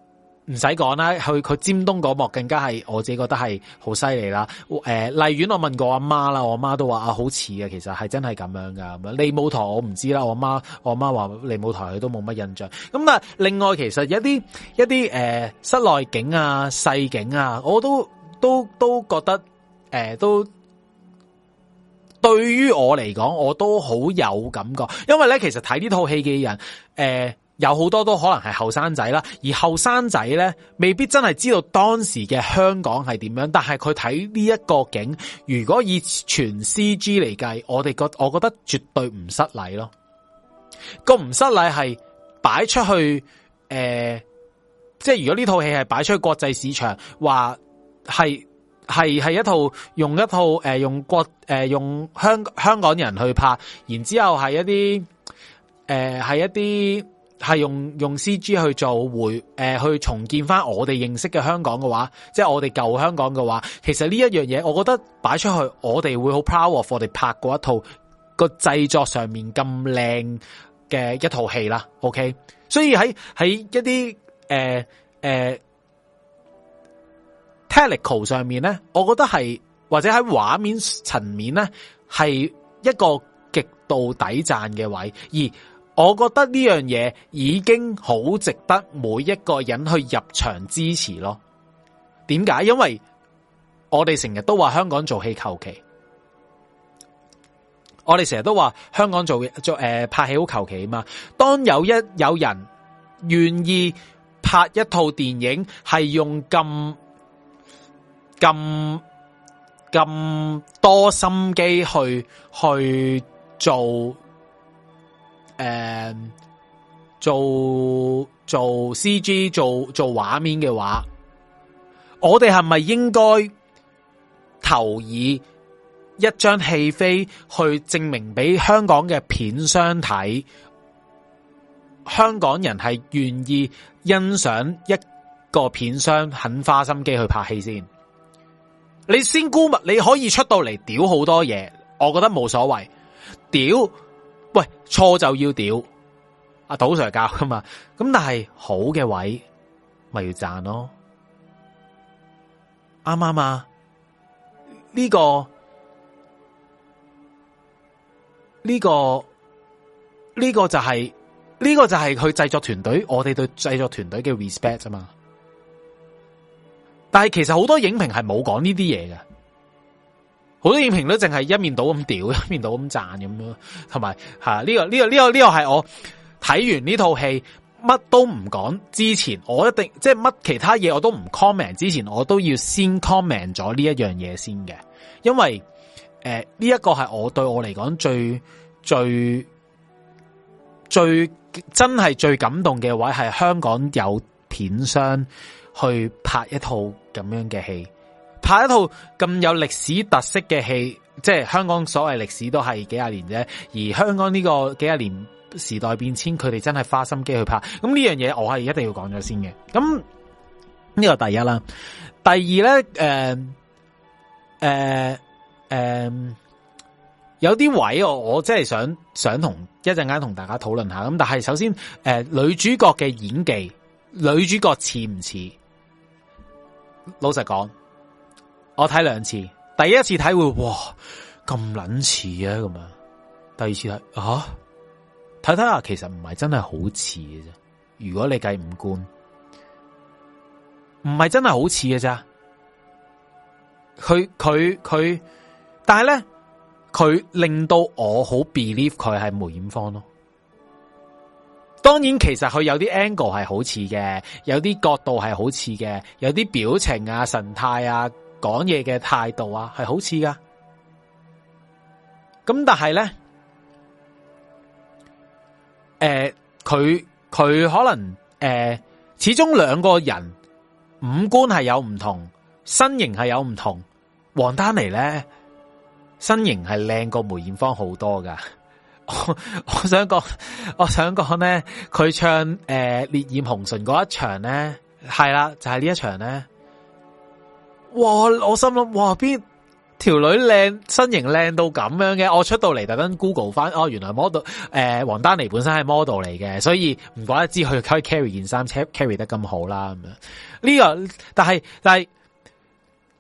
唔使講啦，去佢尖東嗰幕更加係，我自己覺得係好犀利啦。誒，例如我問過阿媽啦，我媽都話啊，好似啊，其實係真係咁樣噶。咁冇利舞台我唔知啦，我媽我媽話利舞台佢都冇乜印象。咁但係另外其實一啲一啲誒、呃、室內景啊、細景啊，我都都都覺得誒、呃、都對於我嚟講，我都好有感覺。因為咧，其實睇呢套戲嘅人誒。呃有好多都可能係後生仔啦，而後生仔咧，未必真係知道當時嘅香港係點樣，但係佢睇呢一個景，如果以全 CG 嚟計，我哋覺我覺得絕對唔失禮咯。個唔失禮係擺出去，誒、呃，即係如果呢套戲係擺出去國際市場，話係係係一套用一套誒、呃、用國誒、呃、用香港香港人去拍，然之後係一啲誒係一啲。係用用 CG 去做回誒、呃，去重建翻我哋認識嘅香港嘅話，即係我哋舊香港嘅話，其實呢一樣嘢，我覺得擺出去，我哋會好 powerful。我哋拍過一套個製作上面咁靚嘅一套戲啦，OK。所以喺喺一啲誒誒、呃呃、technical 上面咧，我覺得係或者喺畫面層面咧，係一個極度抵讚嘅位置而。我覺得呢樣嘢已經好值得每一個人去入場支持咯。點解？因為我哋成日都話香,香港做戲求其，我哋成日都話香港做做誒、呃、拍戲好求其啊嘛。當有一有人願意拍一套電影，係用咁咁咁多心機去去做。誒，um, 做做 C G 做做畫面嘅話，我哋係咪應該投以一張戲飛去證明俾香港嘅片商睇？香港人係願意欣賞一個片商肯花心機去拍戲先？你先估，物你可以出到嚟屌好多嘢，我覺得冇所謂屌。喂，錯就要屌，阿導 Sir 教噶嘛？咁但係好嘅位，咪要賺咯。啱唔啱啊？呢、嗯嗯這個呢、這個呢、這個就係、是、呢、這個就係佢製作團隊，我哋對製作團隊嘅 respect 㗎嘛。但係其實好多影評係冇講呢啲嘢嘅。好多影評都淨係一面倒咁屌，一面倒咁讚咁樣，同埋吓呢個呢個呢個呢個係我睇完呢套戲乜都唔講之前，我一定即係乜其他嘢，我都唔 comment 之前，我都要先 comment 咗呢一樣嘢先嘅，因為誒呢一個係我對我嚟講最最最真係最感動嘅位。係香港有片商去拍一套咁樣嘅戲。拍一套咁有歷史特色嘅戲，即係香港所謂歷史都係幾廿年啫。而香港呢個幾廿年時代變遷，佢哋真係花心機去拍。咁呢樣嘢，我係一定要講咗先嘅。咁呢個第一啦，第二咧，誒，誒，誒，有啲位我我真係想想同一陣間同大家討論下。咁但係首先，誒，女主角嘅演技，女主角似唔似？老實講。我睇兩次，第一次睇會哇，咁撚似啊，咁啊，第二次睇啊睇睇下，其實唔係真係好似嘅啫。如果你計五官，唔係真係好似嘅啫。佢佢佢，但係咧，佢令到我好 believe 佢係梅艷芳咯。當然，其實佢有啲 angle 係好似嘅，有啲角度係好似嘅，有啲表情啊、神態啊。講嘢嘅態度啊，係好似噶，咁但係咧，誒、呃，佢佢可能誒、呃，始終兩個人五官係有唔同，身形係有唔同。王丹妮咧，身形係靚過梅艷芳好多噶。 我我想講，我想講咧，佢唱誒、呃《烈焰紅唇》嗰一場咧，係啦、啊，就係、是、呢一場咧。哇！我心諗，哇邊條女靚，身形靚到咁樣嘅，我出到嚟，特登 Google 翻，哦，原來 model 誒、呃，王丹妮本身係 model 嚟嘅，所以唔怪得知佢可以 carry 件衫，carry 得咁好啦咁樣。呢、這個，但係但係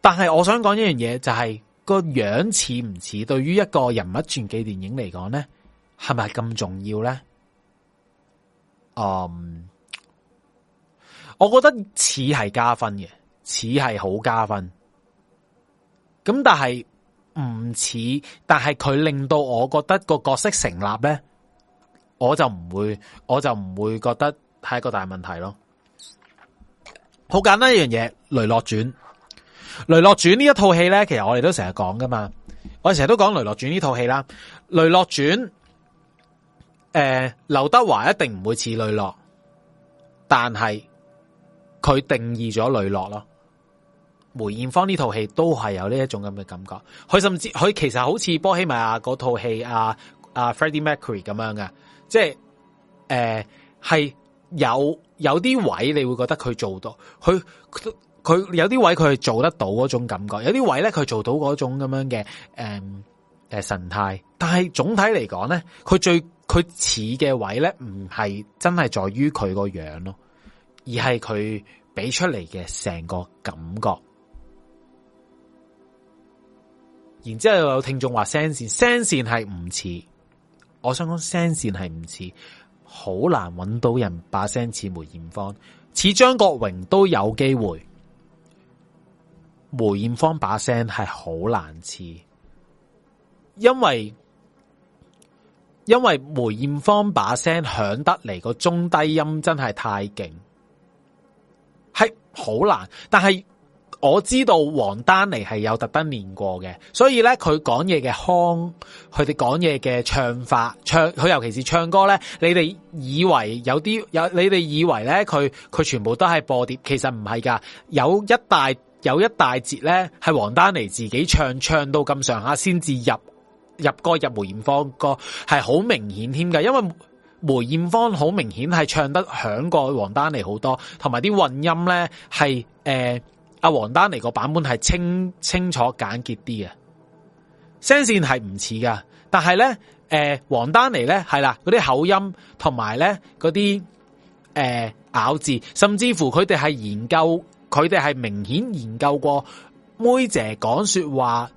但係，我想講一、就是、樣嘢，就係個樣似唔似，對於一個人物傳記電影嚟講咧，係咪咁重要咧？啊、um，我覺得似係加分嘅。似係好加分，咁但係唔似，但係佢令到我覺得個角色成立咧，我就唔會，我就唔會覺得係一個大問題咯。好簡單一樣嘢，《雷洛傳》《雷洛傳》呢一套戲咧，其實我哋都成日講噶嘛，我哋成日都講《雷洛傳》呢套戲啦，《雷洛傳》誒，劉德華一定唔會似雷洛，但係佢定義咗雷洛咯。梅豔芳呢套戲都係有呢一種咁嘅感覺，佢甚至佢其實好似波希米亞嗰套戲啊啊 Freddie Mercury 咁樣嘅，即係誒係有有啲位你會覺得佢做到，佢佢有啲位佢係做得到嗰種感覺，有啲位咧佢做到嗰種咁樣嘅誒誒神態，但係總體嚟講咧，佢最佢似嘅位咧，唔係真係在於佢個樣咯，而係佢俾出嚟嘅成個感覺。然之後有聽眾話聲線，聲線係唔似，我想講聲線係唔似，好難揾到人把聲似梅艷芳，似張國榮都有機會。梅艷芳把聲係好難似，因為因為梅艷芳把聲響得嚟個中低音真係太勁，係好難，但係。我知道王丹妮係有特登練過嘅，所以呢，佢講嘢嘅腔，佢哋講嘢嘅唱法唱，佢尤其是唱歌呢，你哋以為有啲有，你哋以為呢，佢佢全部都係播碟，其實唔係噶，有一大有一大節呢係王丹妮自己唱，唱到咁上下先至入入歌入梅艷芳歌，係好明顯添噶，因為梅艷芳好明顯係唱得響過王丹妮好多，同埋啲混音呢係誒。呃阿、啊、王丹妮個版本係清清楚簡潔啲嘅，聲線係唔似噶，但係咧，誒、呃，王丹妮咧係啦，嗰啲口音同埋咧嗰啲誒咬字，甚至乎佢哋係研究，佢哋係明顯研究過妹姐講說話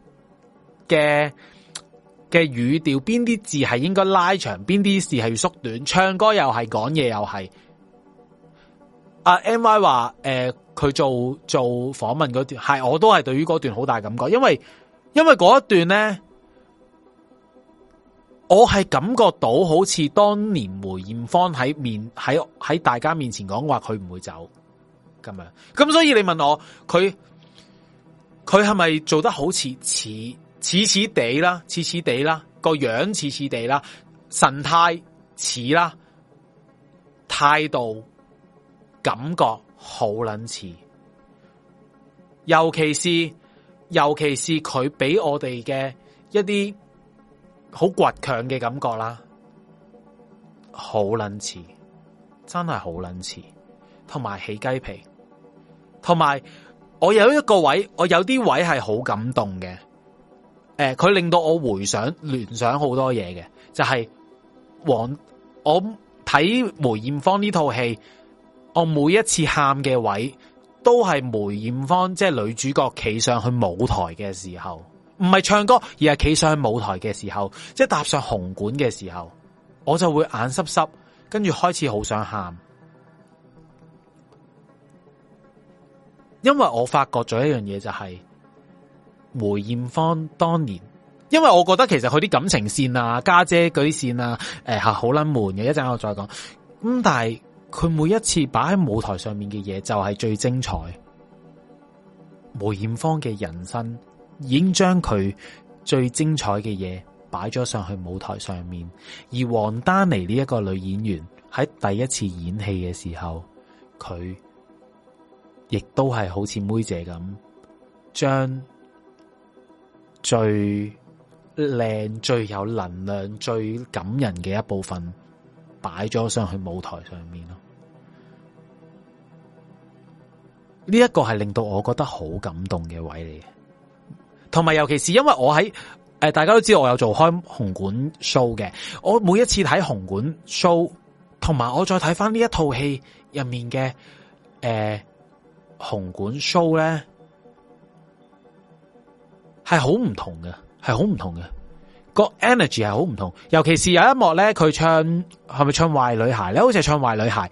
嘅嘅語調，邊啲字係應該拉長，邊啲字係要縮短，唱歌又係，講嘢又係。阿、啊、M Y 話誒。呃佢做做訪問嗰段係，我都係對於嗰段好大感覺，因為因為嗰一段咧，我係感覺到好似當年梅艷芳喺面喺喺大家面前講話，佢唔會走咁樣，咁所以你問我佢佢係咪做得好似似似似哋啦，似似哋啦個樣似似哋啦，神態似啦，態度感覺。好撚似，尤其是尤其是佢俾我哋嘅一啲好倔強嘅感覺啦，好撚似，真係好撚似，同埋起雞皮，同埋我有一個位，我有啲位係好感動嘅，誒、呃，佢令到我回想聯想好多嘢嘅，就係、是、我睇梅艷芳呢套戲。我每一次喊嘅位都艷，都係梅艷芳，即係女主角企上去舞台嘅時候，唔係唱歌，而係企上去舞台嘅時候，即係踏上紅館嘅時候，我就會眼濕濕，跟住開始好想喊。因為我發覺咗一樣嘢就係、是、梅艷芳當年，因為我覺得其實佢啲感情線啊、家姐啲線啊，誒係好冷門嘅，一陣我再講。咁但係。佢每一次擺喺舞台上面嘅嘢就係最精彩。梅艷芳嘅人生已經將佢最精彩嘅嘢擺咗上去舞台上面，而王丹妮呢一個女演員喺第一次演戲嘅時候，佢亦都係好似梅姐咁，將最靚、最有能量、最感人嘅一部分擺咗上去舞台上面咯。呢一個係令到我覺得好感動嘅位嚟嘅，同埋尤其是因為我喺誒、呃，大家都知道我有做開紅館 show 嘅，我每一次睇紅館 show，同埋我再睇翻呢一套戲入面嘅誒、呃、紅館 show 咧，係好唔同嘅，係好唔同嘅，個 energy 係好唔同，尤其是有一幕咧，佢唱係咪唱壞女孩咧，好似係唱壞女孩，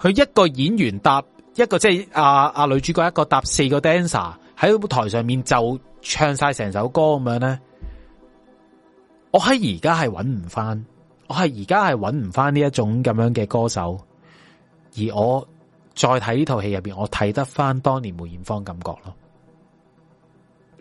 佢一個演員搭。一個即係阿、呃呃呃、女主角，一個搭四個 dancer 喺台上面，就唱晒成首歌咁樣咧，我喺而家係搵唔翻，我係而家係搵唔翻呢一種咁樣嘅歌手，而我再睇呢套戲入邊，我睇得翻當年梅艷芳感覺咯。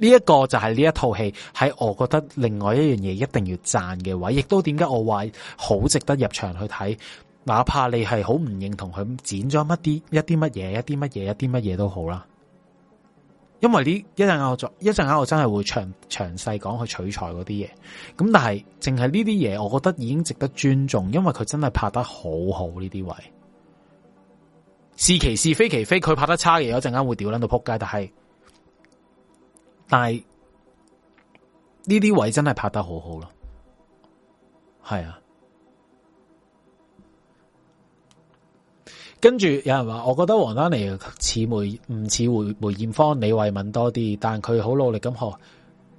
呢、這、一個就係呢一套戲喺我覺得另外一樣嘢一定要讚嘅位，亦都點解我話好值得入場去睇。哪怕你係好唔認同佢剪咗乜啲一啲乜嘢一啲乜嘢一啲乜嘢都好啦，因為呢一陣間我一陣間我真係會詳詳細講佢取材嗰啲嘢，咁但係淨係呢啲嘢，我覺得已經值得尊重，因為佢真係拍得好好呢啲位，是其是非其非，佢拍得差嘅有陣間會屌撚到撲街，但係但係呢啲位真係拍得好好咯，係啊。跟住有人話，我覺得王丹妮似梅，唔似梅梅艷芳、李慧敏多啲，但佢好努力咁學。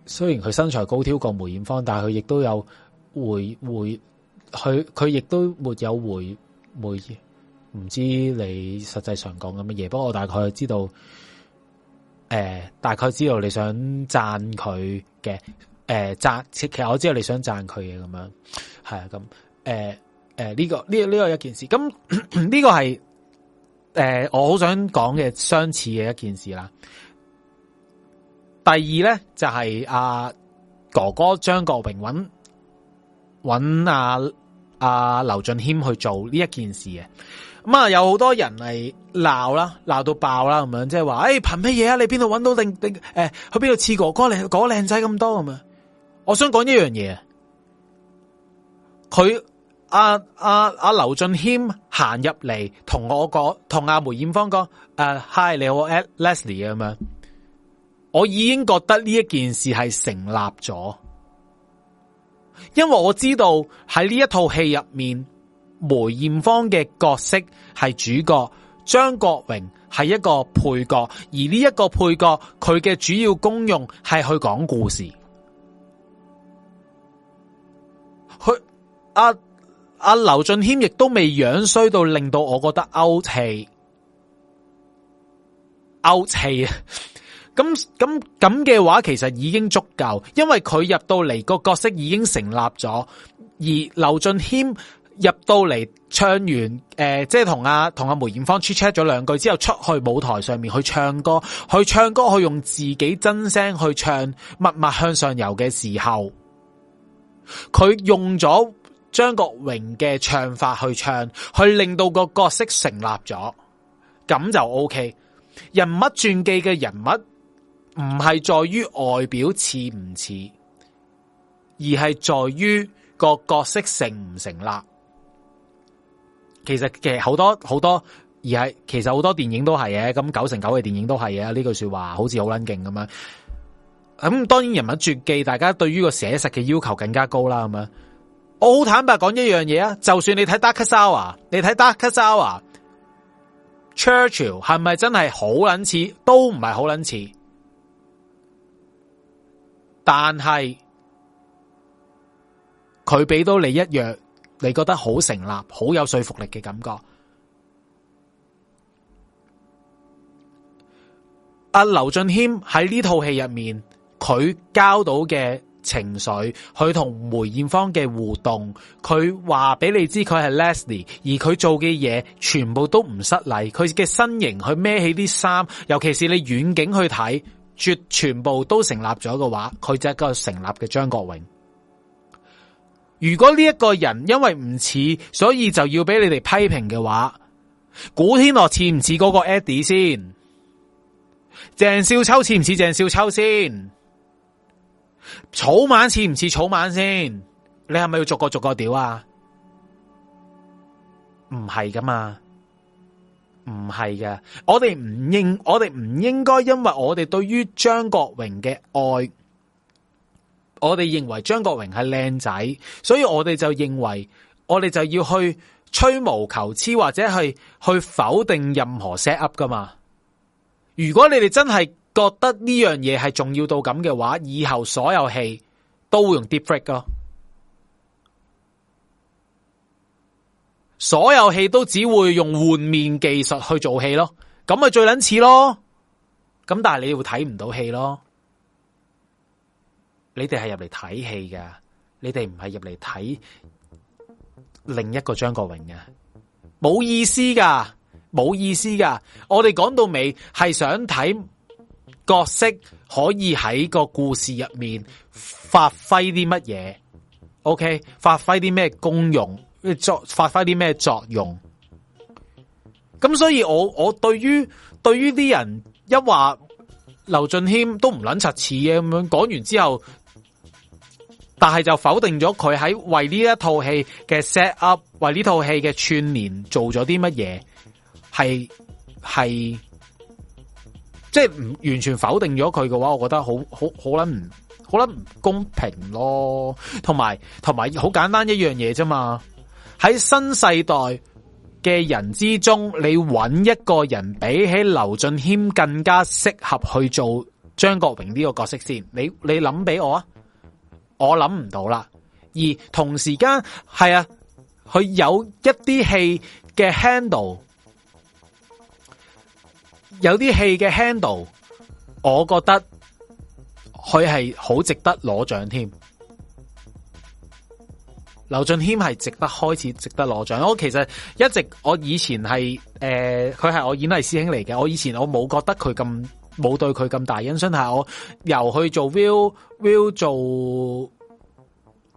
雖然佢身材高挑過梅艷芳，但佢亦都有回回佢佢亦都沒有回會，唔知你實際上講緊乜嘢。不過我大概知道，誒、呃，大概知道你想讚佢嘅，誒、呃，讚其實我知道你想讚佢嘅咁樣，係啊，咁，誒、呃，誒、呃，呢、這個呢呢、這個、這個、一件事，咁呢、這個係。誒、嗯，我好想講嘅相似嘅一件事啦。第二咧就係、是、阿、啊、哥哥張國榮揾揾阿阿劉俊謙去做呢一件事嘅。咁啊，有好多人嚟鬧啦，鬧到爆啦，咁樣即係話，誒，憑乜嘢啊？你邊度揾到定定？誒，去邊度似哥哥你講靚仔咁多咁樣，我想講一樣嘢，佢。阿阿阿劉俊謙行入嚟，同我講，同阿梅艷芳講，誒，Hi，你好 Leslie 咁樣。我已經覺得呢一件事係成立咗，因為我知道喺呢一套戲入面，梅艷芳嘅角色係主角，張國榮係一個配角，而呢一個配角佢嘅主要功用係去講故事。去阿。啊阿劉俊謙亦都未樣衰到令到我覺得歐氣，歐氣啊！咁咁咁嘅話，其實已經足夠，因為佢入到嚟個角色已經成立咗，而劉俊謙入到嚟唱完誒、呃，即係同阿同阿梅艷芳 check 咗兩句之後，出去舞台上面去唱歌，去唱歌，去用自己真聲去唱《默默向上游》嘅時候，佢用咗。張國榮嘅唱法去唱，去令到個角色成立咗，咁就 OK。人物傳記嘅人物唔係在於外表似唔似，而係在於個角色成唔成立。其實其實好多好多，而係其實好多電影都係嘅，咁九成九嘅電影都係嘅。呢句說話好似好捻勁咁樣。咁當然人物傳記，大家對於個寫實嘅要求更加高啦，咁樣。我好坦白講一樣嘢啊，就算你睇 Darkest Hour 啊，你睇 Darkest Hour 啊 Churchill，係咪真係好撚似？都唔係好撚似。但係佢俾到你一樣，你覺得好成立、好有說服力嘅感覺。阿劉俊謙喺呢套戲入面，佢交到嘅。情緒，去同梅艷芳嘅互動，佢話俾你知佢係 Leslie，而佢做嘅嘢全部都唔失禮，佢嘅身形，佢孭起啲衫，尤其是你遠景去睇，絕全部都成立咗嘅話，佢就係一個成立嘅張國榮。如果呢一個人因為唔似，所以就要俾你哋批評嘅話，古天樂似唔似嗰個 Eddie 先？鄭少秋似唔似鄭少秋先？草蜢似唔似草蜢先？你係咪要逐個逐個屌啊？唔係噶嘛，唔係嘅。我哋唔應，我哋唔應該，因為我哋對於張國榮嘅愛，我哋認為張國榮係靚仔，所以我哋就認為，我哋就要去吹毛求疵，或者係去，去否定任何 set up 噶嘛。如果你哋真係，覺得呢樣嘢係重要到咁嘅話，以後所有戲都會用 deepfake 咯，所有戲都只會用換面技術去做戲咯，咁咪最撚似咯，咁但係你會睇唔到戲咯，你哋係入嚟睇戲㗎，你哋唔係入嚟睇另一個張國榮嘅，冇意思噶，冇意思噶，我哋講到尾係想睇。角色可以喺個故事入面發揮啲乜嘢？OK，發揮啲咩功用？作發揮啲咩作用？咁所以我我對於對於啲人一話劉俊謙都唔捻柒似嘅咁樣講完之後，但係就否定咗佢喺為呢一套戲嘅 set up，為呢套戲嘅串聯做咗啲乜嘢？係係。即係唔完全否定咗佢嘅話，我覺得好好好捻唔好捻唔公平咯。同埋同埋好簡單一樣嘢啫嘛。喺新世代嘅人之中，你揾一個人比起劉俊謙更加適合去做張國榮呢個角色先。你你諗俾我啊？我諗唔到啦。而同時間係啊，佢有一啲戲嘅 handle。有啲戲嘅 handle，我覺得佢係好值得攞獎添。劉俊謙係值得開始，值得攞獎。我其實一直我以前係誒，佢、呃、係我演藝師兄嚟嘅。我以前我冇覺得佢咁冇對佢咁大欣賞，係我由佢做 Viu，Viu 做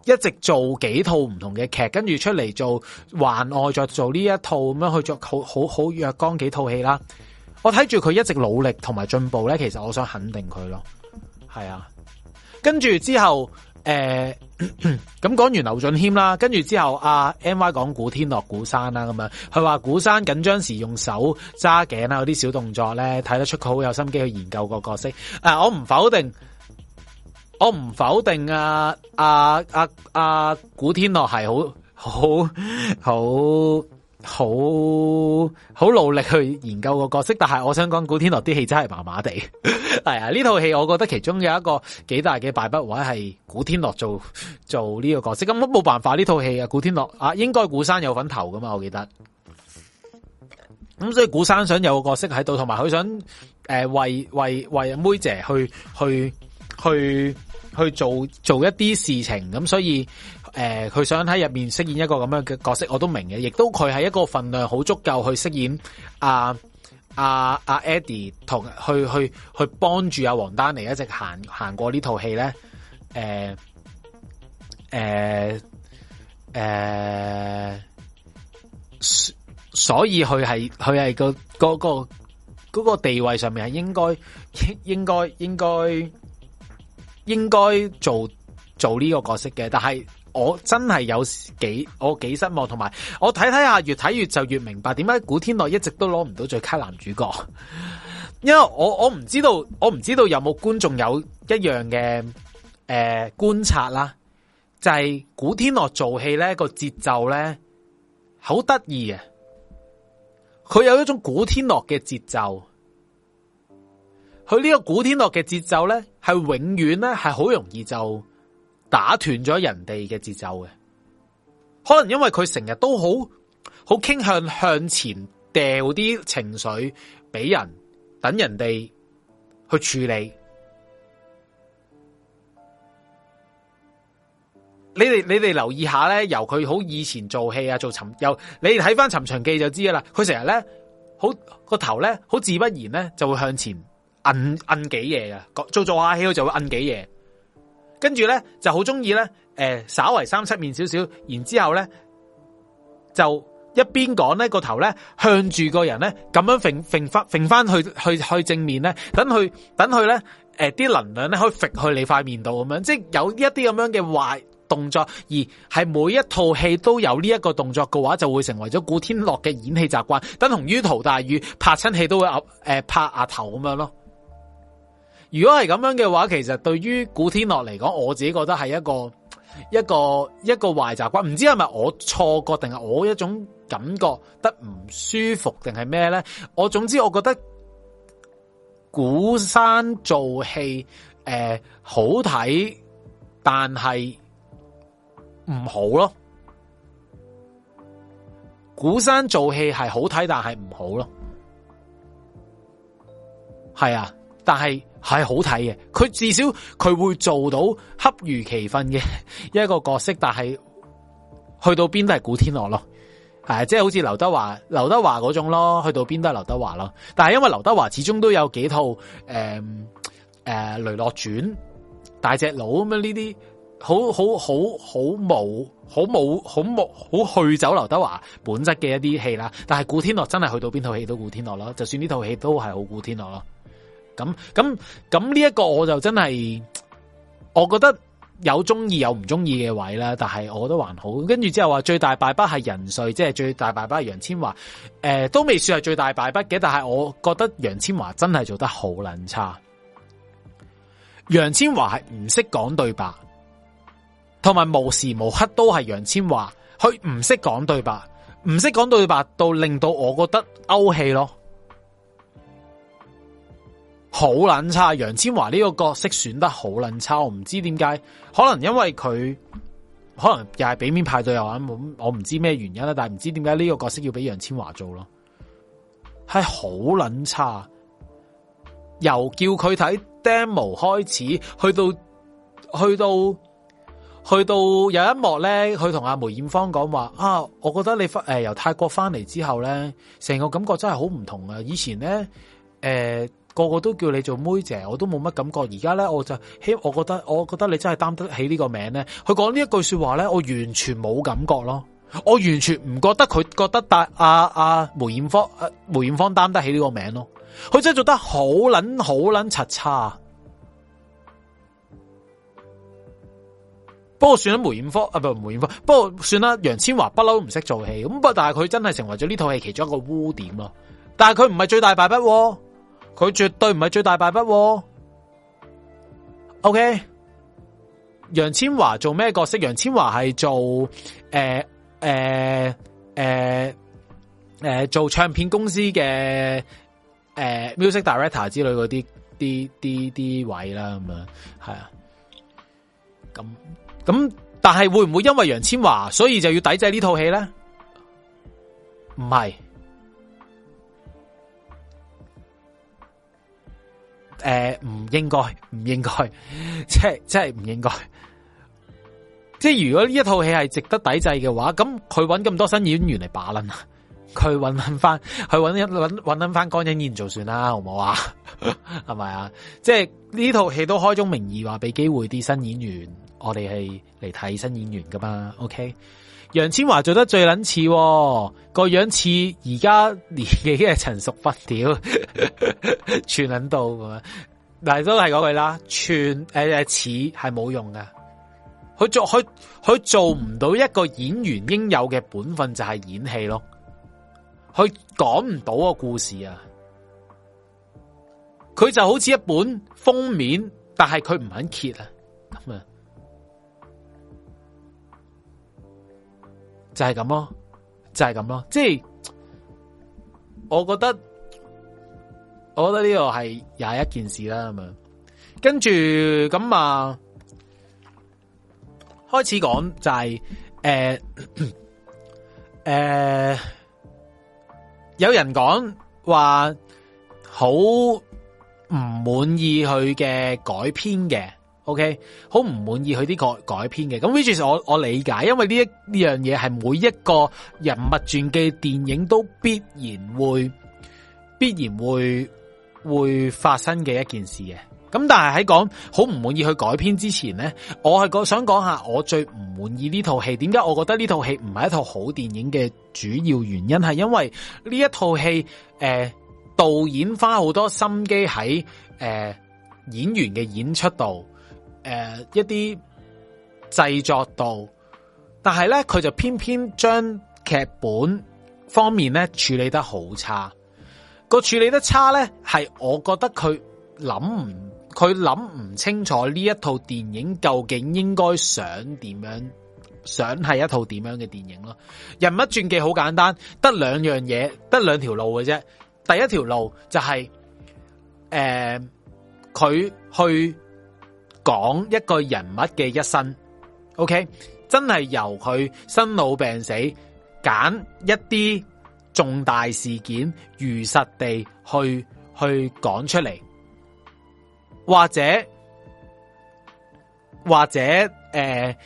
一直做幾套唔同嘅劇，跟住出嚟做幻愛，再做呢一套咁樣去做好好好若干幾套戲啦。我睇住佢一直努力同埋進步咧，其實我想肯定佢咯，係啊。跟住之後，誒、欸，咁講完劉俊謙啦，跟住之後阿 M、啊、Y 講古天樂古山啦，咁樣佢話古山緊張時用手揸頸呀，有啲小動作咧，睇得出佢好有心機去研究個角色。誒、啊，我唔否定，我唔否定啊，阿啊，啊，啊古天樂係好好好。好好努力去研究個角色，但係我想講古天樂啲戲真係麻麻地，係啊！呢套戲我覺得其中有一個幾大嘅敗筆位係古天樂做做呢個角色，咁都冇辦法呢套戲啊！古天樂啊，應該古生有份投噶嘛，我記得。咁所以古生想有個角色喺度，同埋佢想誒、呃、為為為妹姐去去去去做做一啲事情，咁所以。誒，佢，呃，想喺入面飾演一個咁樣嘅角色，我都明嘅，亦都佢係一個份量好足夠去飾演阿、啊、阿、阿、啊啊、Eddie 同，去去去幫住阿王丹妮一直行行過這呢套戲咧。誒誒誒，所以佢係佢係個、嗰個、嗰個地位上面係應該應該應該應該做做呢個角色嘅，但係。我真係有幾我幾失望，同埋我睇睇下，越睇越就越明白點解古天樂一直都攞唔到最佳男主角，因為我我唔知道，我唔知道有冇觀眾有一樣嘅誒、呃、觀察啦，就係古天樂做戲呢個節奏呢，好得意啊，佢有一種古天樂嘅節奏，佢呢個古天樂嘅節奏呢，係永遠呢係好容易就。打斷咗人哋嘅節奏嘅，可能因為佢成日都好好傾向向前掉啲情緒俾人，等人哋去處理。你哋你哋留意下咧，由佢好以前做戲啊，做沉由你睇翻《尋秦記》就知啦。佢成日咧好個頭咧好自不然咧就會向前摁摁幾嘢呀，做做下戲就會摁幾嘢。跟住咧就好中意咧，誒、呃，稍為三七面少少，然之後咧就一邊講咧個頭咧向住個人咧咁樣揈揈翻揈翻去去去正面咧，等佢等佢咧，誒、呃，啲能量咧可以揈去你塊面度咁樣，即係有一啲咁樣嘅壞動作，而係每一套戲都有呢一個動作嘅話，就會成為咗古天樂嘅演戲習慣，等同於陶大宇拍親戲都會誒、呃呃、拍額頭咁樣咯。如果係咁樣嘅話，其實對於古天樂嚟講，我自己覺得係一個一個一個壞習慣。唔知係咪我錯覺，定係我一種感覺得唔舒服，定係咩咧？我總之我覺得古山做戲誒好睇，但係唔好咯。古山做戲係好睇，但係唔好咯。係啊，但係。係好睇嘅，佢至少佢會做到恰如其分嘅一個角色，但係去到邊都係古天樂咯，係即係好似劉德華劉德華嗰種咯，去到邊都係劉德華咯。但係因為劉德華始終都有幾套誒誒、呃呃、雷洛傳大隻佬咁樣呢啲好好好好冇好冇好冇好，好去走劉德華本質嘅一啲戲啦。但係古天樂真係去到邊套戲都古天樂咯，就算呢套戲都係好古天樂咯。咁咁咁呢一個我就真係，我覺得有中意有唔中意嘅位啦，但係我都覺得還好。跟住之後話最大敗筆係人帥，即係最大敗筆係楊千嬅，誒、呃，都未算係最大敗筆嘅，但係我覺得楊千嬅真係做得好撚差。楊千嬅係唔識講對白，同埋無時無刻都係楊千嬅。佢唔識講對白，唔識講對白到令到我覺得勾氣咯。好撚差！楊千嬅呢個角色選得好撚差，我唔知點解，可能因為佢可能又係俾面派對又話我唔知咩原因啦。但係唔知點解呢個角色要俾楊千嬅做咯，係好撚差。由叫佢睇 demo 開始，去到去到去到有一幕咧，佢同阿梅艷芳講話啊，我覺得你翻誒由泰國翻嚟之後咧，成個感覺真係好唔同啊！以前咧誒。呃個個都叫你做妹姐，我都冇乜感覺。而家咧，我就希我覺得，我覺得你真係擔得起呢個名咧。佢講呢一句說話咧，我完全冇感覺咯，我完全唔覺得佢覺得大，但阿阿梅艷芳、梅艷芳、啊、擔得起呢個名咯。佢真係做得好捻好捻，差差。不過算啦，梅艷芳啊，梅艷芳，不過算啦，楊千嬅不嬲唔識做戲咁，但係佢真係成為咗呢套戲其中一個污點咯。但係佢唔係最大敗筆、啊。佢絕對唔係最大敗筆。OK，楊千嬅做咩角色？楊千嬅係做誒誒誒誒做唱片公司嘅誒、呃、music director 之類嗰啲啲啲啲位啦咁樣係啊。咁咁，但係會唔會因為楊千嬅，所以就要抵制這戲，呢套戲咧？唔係。誒，唔應該，唔應該，即係即係唔應該。即係如果呢一套戲係值得抵制嘅話，咁佢揾咁多新演員嚟把捻，佢揾翻，佢揾一揾揾翻江欣燕做算啦，好唔好啊？係 咪啊？即係呢套戲都開宗明義話俾機會啲新演員，我哋係嚟睇新演員噶嘛？OK。楊千嬅做得最撚似，個樣似而家年紀嘅陳淑芬條，傳捻到咁樣！但係都係嗰句啦，傳誒誒似係冇用㗎。佢做佢佢做唔到一個演員應有嘅本分，就係、是、演戲咯，佢講唔到個故事啊，佢就好似一本封面，但係佢唔肯揭啊。就係咁咯，就係咁咯，即係我覺得，我覺得呢個係也一件事啦咁樣。跟住咁啊，開始講就係誒誒，有人講話好唔滿意佢嘅改編嘅。OK，好唔滿意佢啲改改編嘅，咁 which is 我我理解，因為呢一呢樣嘢係每一個人物傳記電影都必然會必然會會發生嘅一件事嘅。咁但係喺講好唔滿意佢改編之前呢，我係想講下我最唔滿意呢套戲，點解我覺得呢套戲唔係一套好電影嘅主要原因，係因為呢一套戲誒導演花好多心機喺誒演員嘅演出度。誒、呃，一啲製作度，但係咧佢就偏偏將劇本方面咧處理得好差，個處理得差咧係我覺得佢諗唔佢諗唔清楚呢一套電影究竟應該想點樣，想係一套點樣嘅電影咯。人物傳記好簡單，得兩樣嘢，得兩條路嘅啫。第一條路就係、是、誒，佢、呃、去。講一個人物嘅一生，OK，真係由佢生老病死揀一啲重大事件，如實地去去講出嚟，或者或者誒、呃、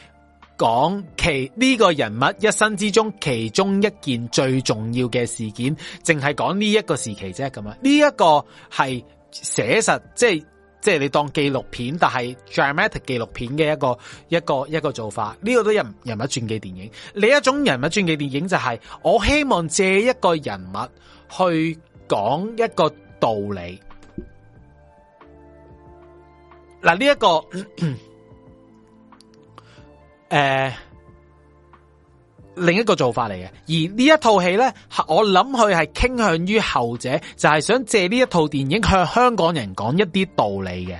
講其呢、這個人物一生之中其中一件最重要嘅事件，淨係講呢一個時期啫，咁呢一個係寫實，即係。即係你當紀錄片，但係 dramatic 紀錄片嘅一個一個一個做法，呢、這個都人人物傳記電影。另一種人物傳記電影就係、是、我希望借一個人物去講一個道理。嗱、啊，呢、這、一個誒。咳咳呃另一個做法嚟嘅，而呢一套戲呢，我諗佢係傾向於後者，就係想借呢一套電影向香港人講一啲道理嘅。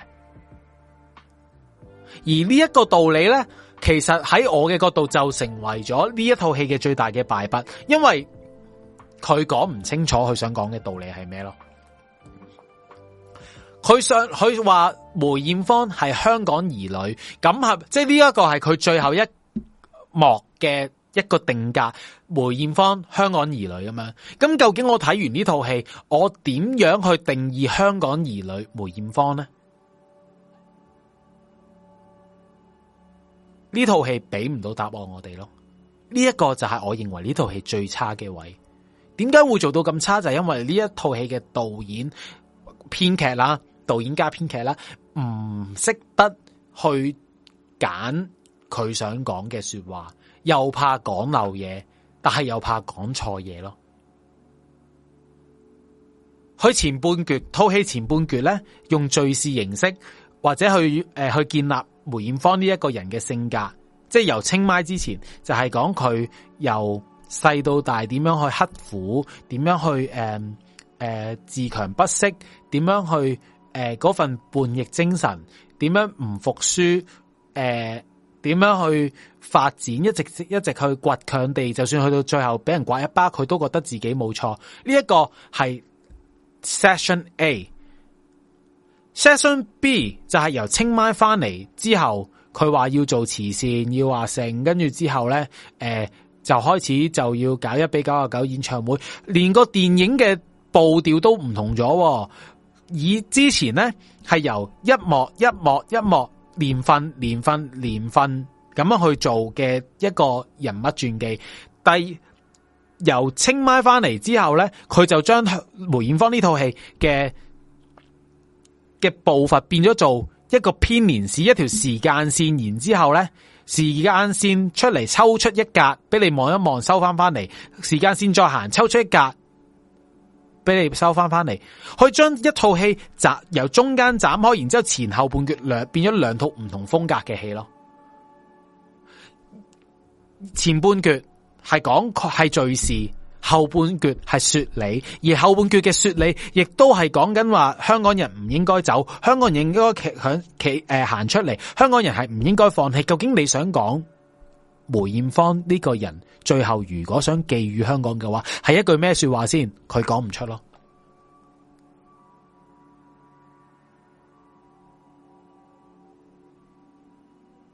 而呢一個道理呢，其實喺我嘅角度就成為咗呢一套戲嘅最大嘅敗筆，因為佢講唔清楚佢想講嘅道理係咩咯。佢上佢話梅艷芳係香港兒女，咁係即係呢一個係佢最後一幕嘅。一個定格梅艷芳香港兒女咁樣，咁究竟我睇完呢套戲，我點樣去定義香港兒女梅艷芳呢？呢套戲俾唔到答案我哋咯，呢、這、一個就係我認為呢套戲最差嘅位。點解會做到咁差？就係、是、因為呢一套戲嘅導演編劇啦，導演加編劇啦，唔、嗯、識得去揀佢想講嘅說話。又怕講漏嘢，但係又怕講錯嘢咯。佢前半段，套戲前半段咧，用敘事形式或者去誒、呃、去建立梅艷芳呢一個人嘅性格，即係由清邁之前就係講佢由細到大點樣去刻苦，點樣去誒誒、呃呃、自強不息，點樣去誒嗰、呃、份叛逆精神，點樣唔服輸誒。呃點樣去發展？一直一直去倔強地，就算去到最後俾人刮一巴，佢都覺得自己冇錯。呢、這、一個係 session A，session B 就係由清邁翻嚟之後，佢話要做慈善，要話成跟住之後咧，誒、呃、就開始就要搞一比九啊九演唱會，連個電影嘅步調都唔同咗，哦。以之前咧係由一幕一幕一幕。一幕年份年份年份咁樣去做嘅一個人物傳記，第二由清邁翻嚟之後咧，佢就將梅艷芳呢套戲嘅嘅步伐變咗做一個編年史、一條時間線，然之後咧，時間線出嚟抽出一格俾你望一望，收翻翻嚟時間線再行抽出一格。俾你收翻翻嚟，佢將一套戲由中間斬開，然之後前後半橛兩變咗兩套唔同風格嘅戲咯。前半橛係講佢係敘事，後半橛係說理，而後半橛嘅說理亦都係講緊話香港人唔應該走，香港人應該響企誒行出嚟，香港人係唔應該放棄。究竟你想講？梅艷芳呢個人最後如果想寄語香港嘅話，係一句咩說話先？佢講唔出咯，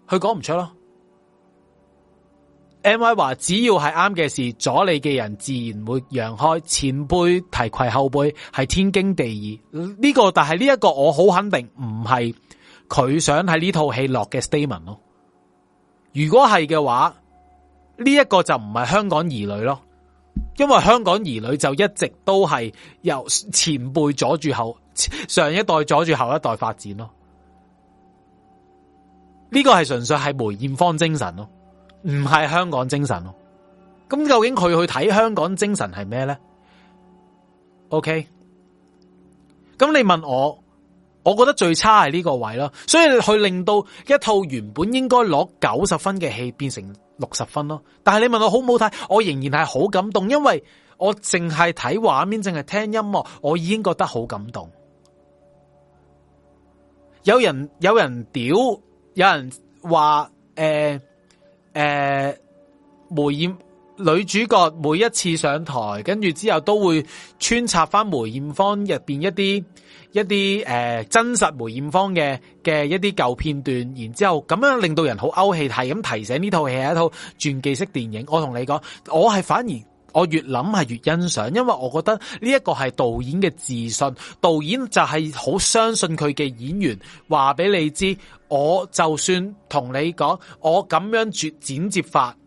佢講唔出咯。M Y 話只要係啱嘅事，阻你嘅人自然會讓開，前輩提攜後輩係天經地義。呢、這個但係呢一個我好肯定唔係佢想喺呢套戲落嘅 statement 咯。如果係嘅話，呢一個就唔係香港兒女咯，因為香港兒女就一直都係由前輩阻住後上一代阻住後一代發展咯。呢個係純粹係梅艷芳精神咯，唔係香港精神咯。咁究竟佢去睇香港精神係咩咧？OK，咁你問我。我覺得最差係呢個位咯，所以去令到一套原本應該攞九十分嘅戲變成六十分咯。但係你問我好唔好睇？我仍然係好感動，因為我淨係睇畫面，淨係聽音樂，我已經覺得好感動有。有人有人屌，有人話誒誒梅豔女主角每一次上台，跟住之後都會穿插翻梅豔芳入邊一啲。一啲誒、呃、真實梅艷芳嘅嘅一啲舊片段，然之後咁樣令到人好勾氣。係咁提醒呢套戲係一套傳記式電影。我同你講，我係反而我越諗係越欣賞，因為我覺得呢一個係導演嘅自信，導演就係好相信佢嘅演員，話俾你知，我就算同你講，我咁樣截剪接法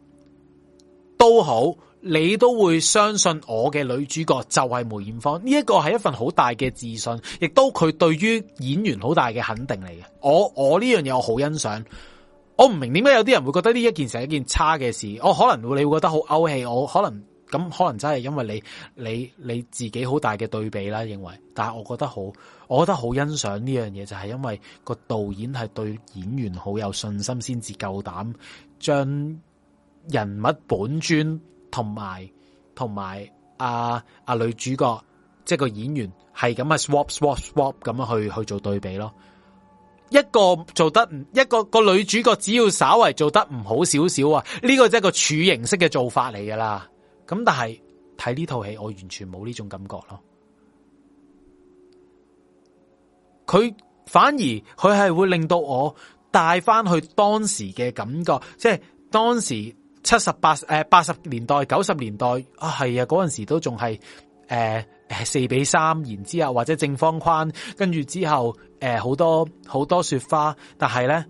都好。你都會相信我嘅女主角就係梅艷芳。呢一個係一份好大嘅自信，亦都佢對於演員好大嘅肯定嚟嘅。我我呢樣嘢我好欣賞。我唔明點解有啲人會覺得呢一件成一件差嘅事。我可能你會覺得好勾氣，我可能咁可能真係因為你你你自己好大嘅對比啦，認為。但係我覺得好，我覺得好欣賞呢樣嘢，就係因為個導演係對演員好有信心，先至夠膽將人物本尊。同埋同埋阿阿女主角，即係個演員，係咁啊 swap swap swap 咁樣去去做對比咯。一個做得一個個女主角，只要稍微做得唔好少少啊，呢、這個即係個處形式嘅做法嚟噶啦。咁但係睇呢套戲，我完全冇呢種感覺咯。佢反而佢係會令到我帶翻去當時嘅感覺，即係當時。七十八誒，八十年代，九十年代啊，係啊，陣時都仲係誒誒四比三，然之後或者正方框，跟住之後誒好多好多雪花，但係咧，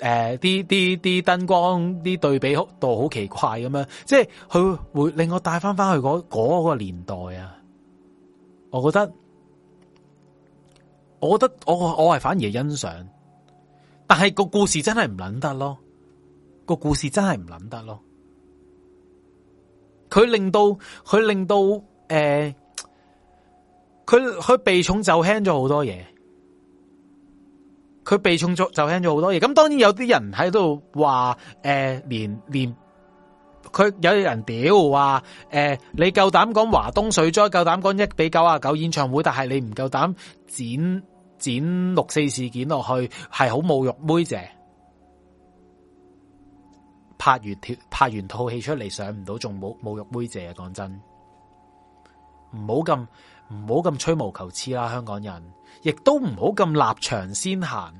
誒誒啲啲啲燈光啲對比度好奇怪咁樣，即係佢會令我帶翻翻去，嗰嗰個年代啊。我覺得，我覺得我我係反而欣賞，但係個故事真係唔捻得咯。個故事真係唔諗得咯，佢令到佢令到誒，佢佢避重就輕咗好多嘢，佢避重就就輕咗好多嘢。咁當然有啲人喺度話誒，連連佢有啲人屌話誒，你夠膽講華東水災，夠膽講一比九啊九演唱會，但係你唔夠膽剪剪六四事件落去，係好侮辱妹姐。拍完拍完套戲出嚟想唔到，仲冇侮辱妹姐啊！講真，唔好咁唔好咁吹毛求疵啦，香港人亦都唔好咁立場先行，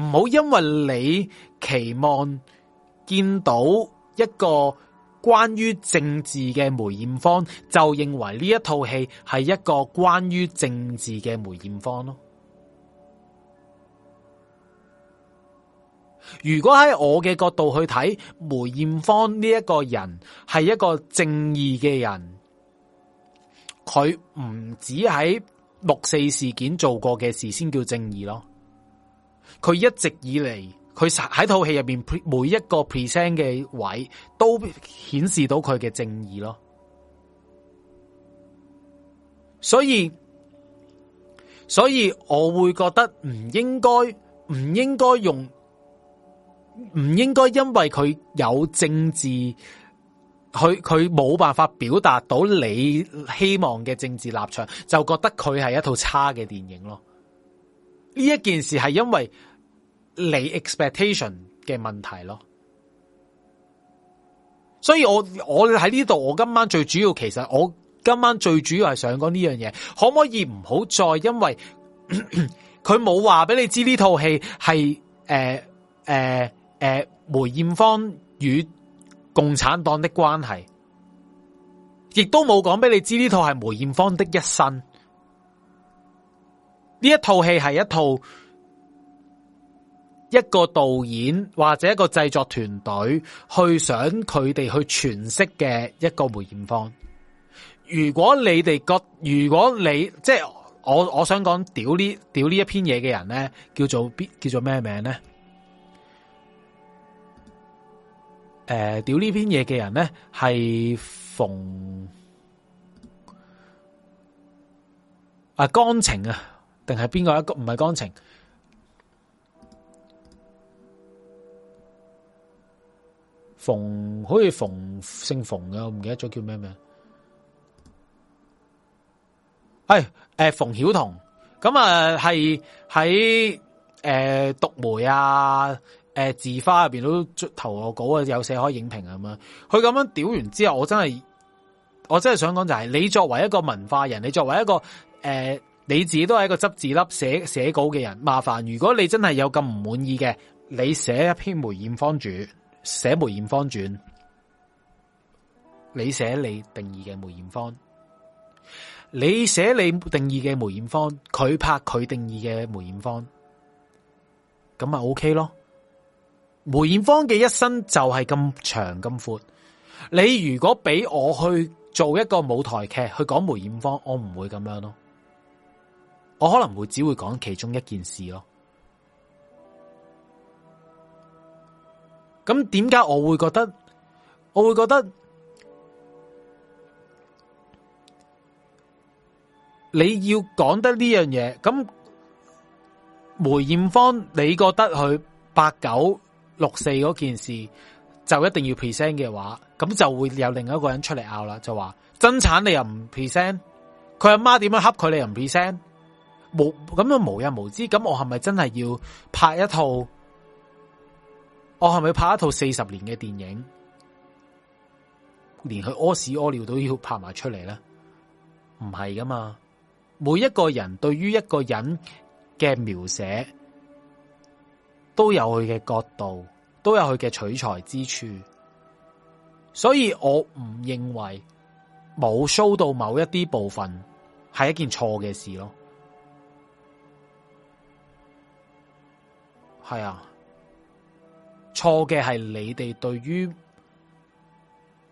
唔好因為你期望見到一個關於政治嘅梅艷芳，就認為呢一套戲係一個關於政治嘅梅艷芳咯。如果喺我嘅角度去睇梅豔芳呢一個人係一個正義嘅人，佢唔止喺六四事件做過嘅事先叫正義咯，佢一直以嚟佢喺套戲入邊每一個 percent 嘅位都顯示到佢嘅正義咯，所以所以我會覺得唔應該唔應該用。唔應該因為佢有政治，佢佢冇辦法表達到你希望嘅政治立場，就覺得佢係一套差嘅電影咯。呢一件事係因為你 expectation 嘅問題咯。所以我我喺呢度，我今晚最主要，其實我今晚最主要係想講呢樣嘢，可唔可以唔好再因為佢冇話俾你知呢套戲係誒誒？呃呃誒、呃，梅艷芳與共產黨的關係，亦都冇講俾你知。呢套係梅艷芳的一生。呢一套戲係一套一個導演或者一個製作團隊去想佢哋去詮釋嘅一個梅艷芳。如果你哋覺，如果你即係我，我想講屌呢屌呢一篇嘢嘅人咧，叫做叫做咩名咧？誒，屌、呃、呢篇嘢嘅人咧係馮啊江晴啊，定係邊個一個唔係江晴？馮好似馮姓馮啊，馮馮我唔記得咗叫咩名。係誒馮曉彤，咁啊係喺誒讀梅啊。誒，字花入邊都出投我稿啊，有寫開影評啊咁樣。佢咁樣屌完之後，我真係，我真係想講就係，是，你作為一個文化人，你作為一個誒、呃，你自己都係一個執字粒寫寫稿嘅人，麻煩。如果你真係有咁唔滿意嘅，你寫一篇梅艷芳傳，寫梅艷芳傳，你寫你定義嘅梅艷芳，你寫你定義嘅梅艷芳，佢拍佢定義嘅梅艷芳，咁咪 OK 咯。梅艷芳嘅一生就係咁長咁闊，你如果俾我去做一個舞台劇去講梅艷芳，我唔會咁樣咯，我可能會只會講其中一件事咯。咁點解我會覺得我會覺得你要講得呢樣嘢？咁梅艷芳，你覺得佢八九？六四嗰件事就一定要 present 嘅話，咁就會有另外一個人出嚟拗啦，就話真產你又唔 present 佢阿媽點樣恰佢，你又唔 present 無咁樣無日無知，咁我係咪真係要拍一套？我係咪拍一套四十年嘅電影，連佢屙屎屙尿都要拍埋出嚟咧？唔係噶嘛，每一個人對於一個人嘅描寫。都有佢嘅角度，都有佢嘅取材之處，所以我唔認為冇 show 到某一啲部分係一件錯嘅事咯。係啊，錯嘅係你哋對於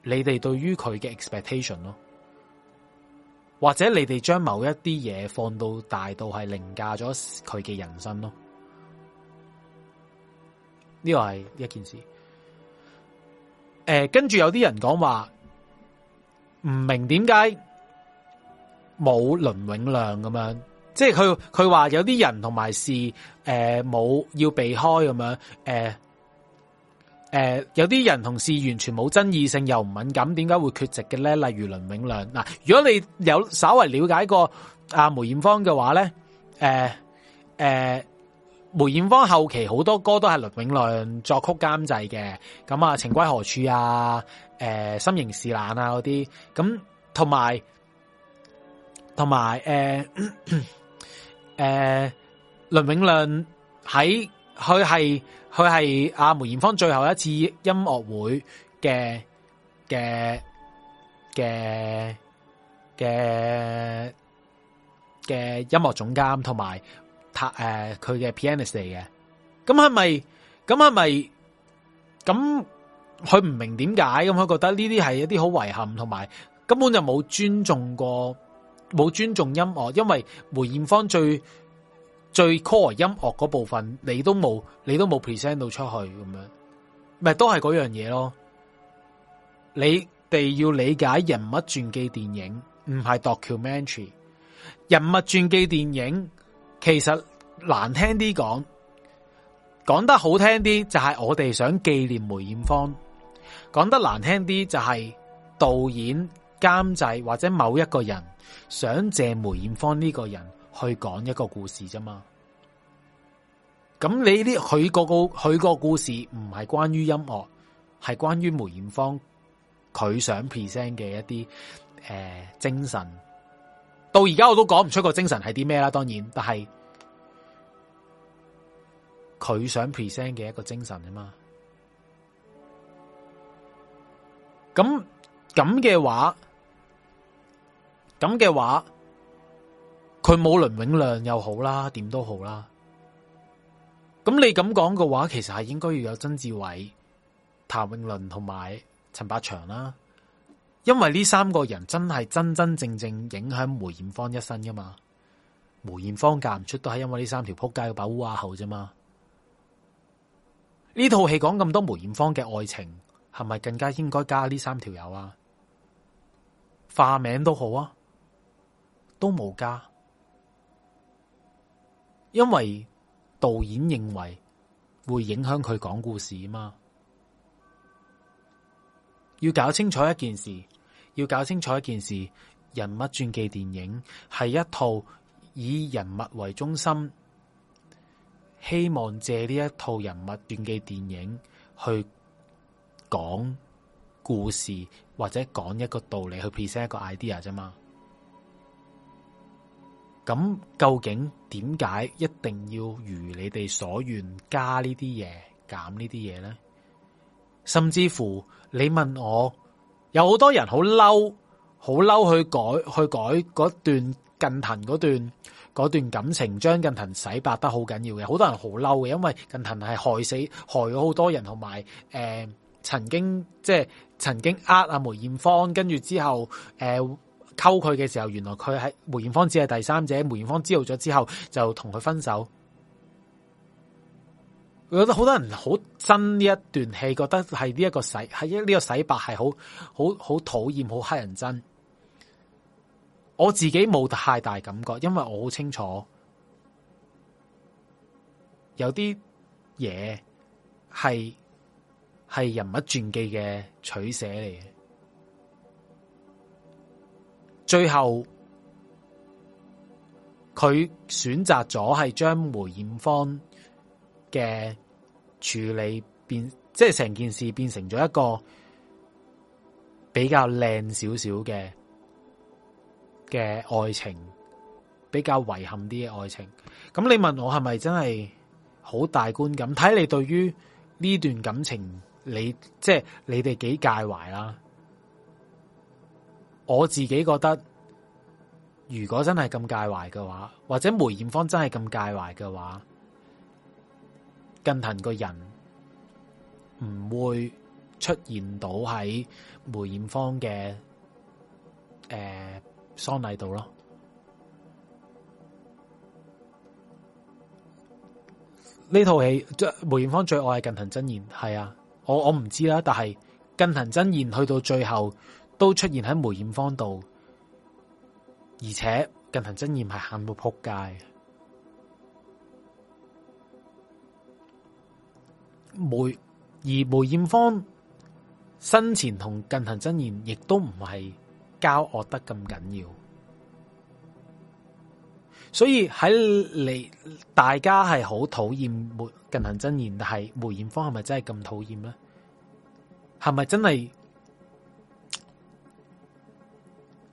你哋對於佢嘅 expectation 咯，或者你哋將某一啲嘢放到大到係凌駕咗佢嘅人生咯。呢個係一件事，誒、呃，跟住有啲人講話唔明點解冇倫永亮咁樣，即係佢佢話有啲人同埋事，誒、呃，冇要避開咁樣，誒、呃，誒、呃，有啲人同事完全冇爭議性又唔敏感，點解會缺席嘅咧？例如倫永亮嗱，呃，如果你有稍為了解過阿、啊、梅艷芳嘅話咧，誒、呃，誒、呃。梅艷芳後期好多歌都係倫永亮作曲監製嘅，咁啊，情歸何處啊，誒、呃，心仍是冷啊嗰啲，咁同埋同埋誒誒，倫永亮喺佢係佢係阿梅艷芳最後一次音樂會嘅嘅嘅嘅嘅音樂總監，同埋。他誒，佢嘅 pianist 嚟嘅，咁係咪？咁係咪？咁佢唔明點解。咁佢覺得呢啲係一啲好遺憾，同埋根本就冇尊重過，冇尊重音樂，因為梅艷芳最最 core 音樂嗰部分，你都冇，你都冇 present 到出去咁樣，咪都係嗰樣嘢咯。你哋要理解人物傳記電影，唔係 documentary。人物傳記電影。其實難聽啲講，講得好聽啲就係我哋想紀念梅艷芳；講得難聽啲就係導演監製或者某一個人想借梅艷芳呢個人去講一個故事啫嘛。咁你呢，佢個故佢個故事唔係關於音樂，係關於梅艷芳佢想 present 嘅一啲誒、呃、精神。到而家我都講唔出個精神係啲咩啦，當然，但係佢想 present 嘅一個精神啊嘛。咁咁嘅話，咁嘅話，佢冇倫永亮又好啦，點都好啦。咁你咁講嘅話，其實係應該要有曾志偉、譚詠麟同埋陳百祥啦。因為呢三個人真係真真正正影響梅艷芳一生噶嘛，梅艷芳嫁唔出都係因為呢三條撲街嘅保護阿后啫嘛。呢套戲講咁多梅艷芳嘅愛情，係咪更加應該加呢三條友啊？化名都好啊，都冇加，因為導演認為會影響佢講故事啊嘛。要搞清楚一件事。要搞清楚一件事：人物傳記電影係一套以人物為中心，希望借呢一套人物傳記電影去講故事或者講一個道理，去 present 一個 idea 啫嘛。咁究竟點解一定要如你哋所願加呢啲嘢、減呢啲嘢呢？甚至乎你問我？有好多人好嬲，好嬲去改去改嗰段近藤嗰段嗰段感情，將近藤洗白得好緊要嘅，好多人好嬲嘅，因為近藤係害死害咗好多人，同埋誒曾經即係曾經呃阿、啊、梅艷芳，跟住之後誒溝佢嘅時候，原來佢係梅艷芳只係第三者，梅艷芳知道咗之後就同佢分手。覺得好多人好憎呢一段戲，覺得係呢一個洗，係呢個洗白，係好好好討厭，好乞人憎。我自己冇太大感覺，因為我好清楚有啲嘢係係人物傳記嘅取捨嚟嘅。最後佢選擇咗係將梅艷芳嘅。處理變即係成件事變成咗一個比較靚少少嘅嘅愛情，比較遺憾啲嘅愛情。咁你問我係咪真係好大觀感？睇你對於呢段感情，你即係你哋幾介懷啦？我自己覺得，如果真係咁介懷嘅話，或者梅艷芳真係咁介懷嘅話。近藤個人唔會出現到喺梅艷芳嘅誒喪禮度咯。呢套戲，梅艷芳最愛係近藤真言？係啊，我我唔知啦。但係近藤真言去到最後都出現喺梅艷芳度，而且近藤真言係喊到扑街。梅而梅艷芳生前同近藤真彥，亦都唔係交惡得咁緊要。所以喺嚟大家係好討厭梅近藤真彥，但係梅艷芳係咪真係咁討厭咧？係咪真係？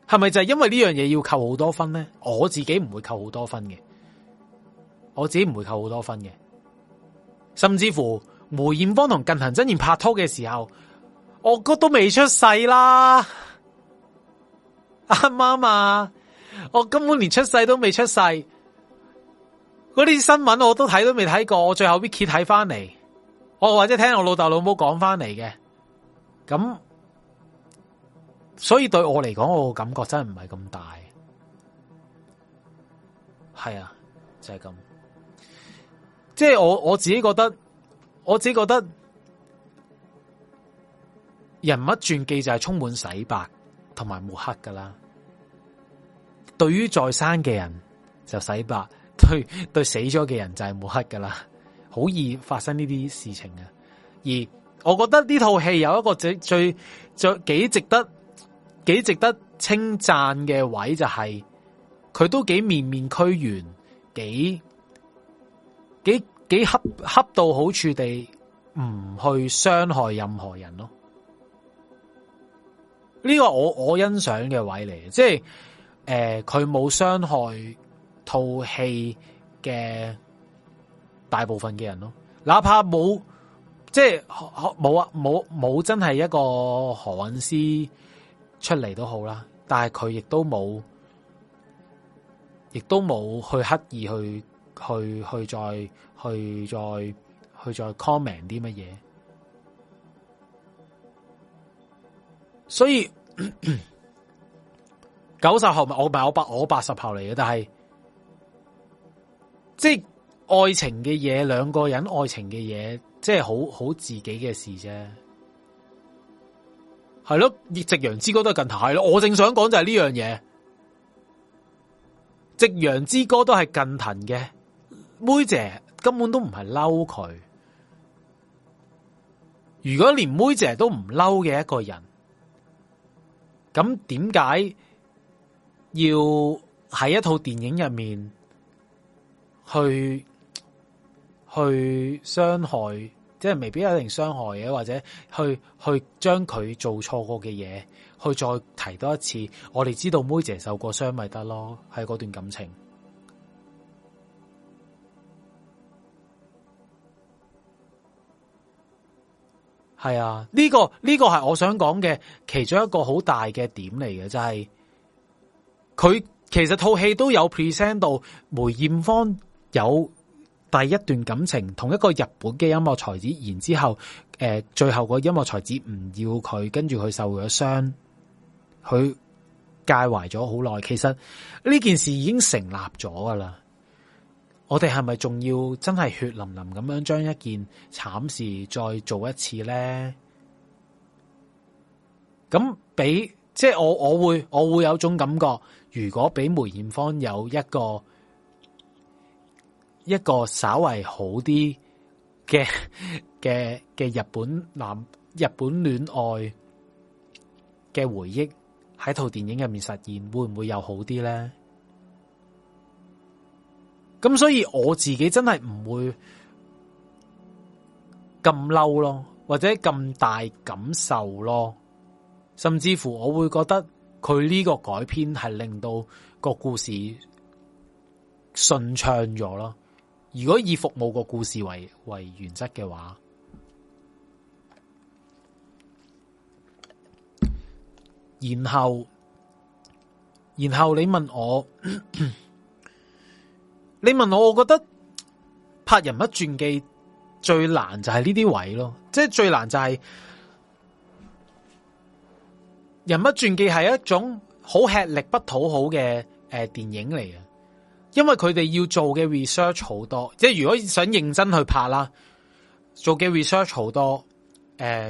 係咪就係因為呢樣嘢要扣好多分咧？我自己唔會扣好多分嘅，我自己唔會扣好多分嘅，甚至乎。梅艷芳同近藤真彥拍拖嘅時候，我哥都未出世啦，啊，媽媽，我根本連出世都未出世，嗰啲新聞我都睇都未睇過，我最後 Vicky 睇翻嚟，我或者聽我老豆老母講翻嚟嘅，咁，所以對我嚟講，我感覺真係唔係咁大，係啊，就係咁，即係我我自己覺得。我只覺得人物傳記就係充滿洗白同埋抹黑噶啦，對於在生嘅人就洗白，對對死咗嘅人就係抹黑噶啦，好易發生呢啲事情啊！而我覺得呢套戲有一個最最最幾值得幾值得稱讚嘅位就係佢都幾面面俱圓，幾。幾恰恰到好處地唔去傷害任何人咯，呢個我我欣賞嘅位嚟，即係誒佢冇傷害套戲嘅大部分嘅人咯，哪怕冇即係冇啊冇冇真係一個何韻詩出嚟都好啦，但係佢亦都冇，亦都冇去刻意去。去去再去再去再 comment 啲乜嘢，所以九十後咪我唔我八我八十後嚟嘅，但係即係愛情嘅嘢，兩個人愛情嘅嘢，即係好好自己嘅事啫。係咯，而《夕陽之歌》都係近藤，係咯。我正想講就係呢樣嘢，《夕陽之歌》都係近藤嘅。妹姐根本都唔係嬲佢，如果連妹姐都唔嬲嘅一個人，咁點解要喺一套電影入面去去傷害？即係未必一定傷害嘅，或者去去將佢做錯過嘅嘢，去再提多一次，我哋知道妹姐受過傷咪得咯，喺嗰段感情。係啊，呢、這個呢、這個係我想講嘅其中一個好大嘅點嚟嘅，就係、是、佢其實套戲都有 present 到梅艷芳有第一段感情同一個日本嘅音樂才子，然之後誒、呃，最後個音樂才子唔要佢，跟住佢受咗傷，佢介懷咗好耐。其實呢件事已經成立咗㗎喇。我哋係咪仲要真係血淋淋咁樣將一件慘事再做一次咧？咁俾即係我我會我會有種感覺，如果俾梅豔芳有一個一個稍為好啲嘅嘅嘅日本男日本戀愛嘅回憶喺套電影入面實現，會唔會又好啲咧？咁所以我自己真係唔會咁嬲咯，或者咁大感受咯，甚至乎我會覺得佢呢個改編係令到個故事順暢咗咯。如果以服務個故事為為原則嘅話，然後然後你問我。 你問我，我覺得拍人物傳記最難就係呢啲位咯，即係最難就係人物傳記係一種好吃力不討好嘅誒、呃、電影嚟嘅因為佢哋要做嘅 research 好多，即係如果想認真去拍啦，做嘅 research 好多，誒、呃、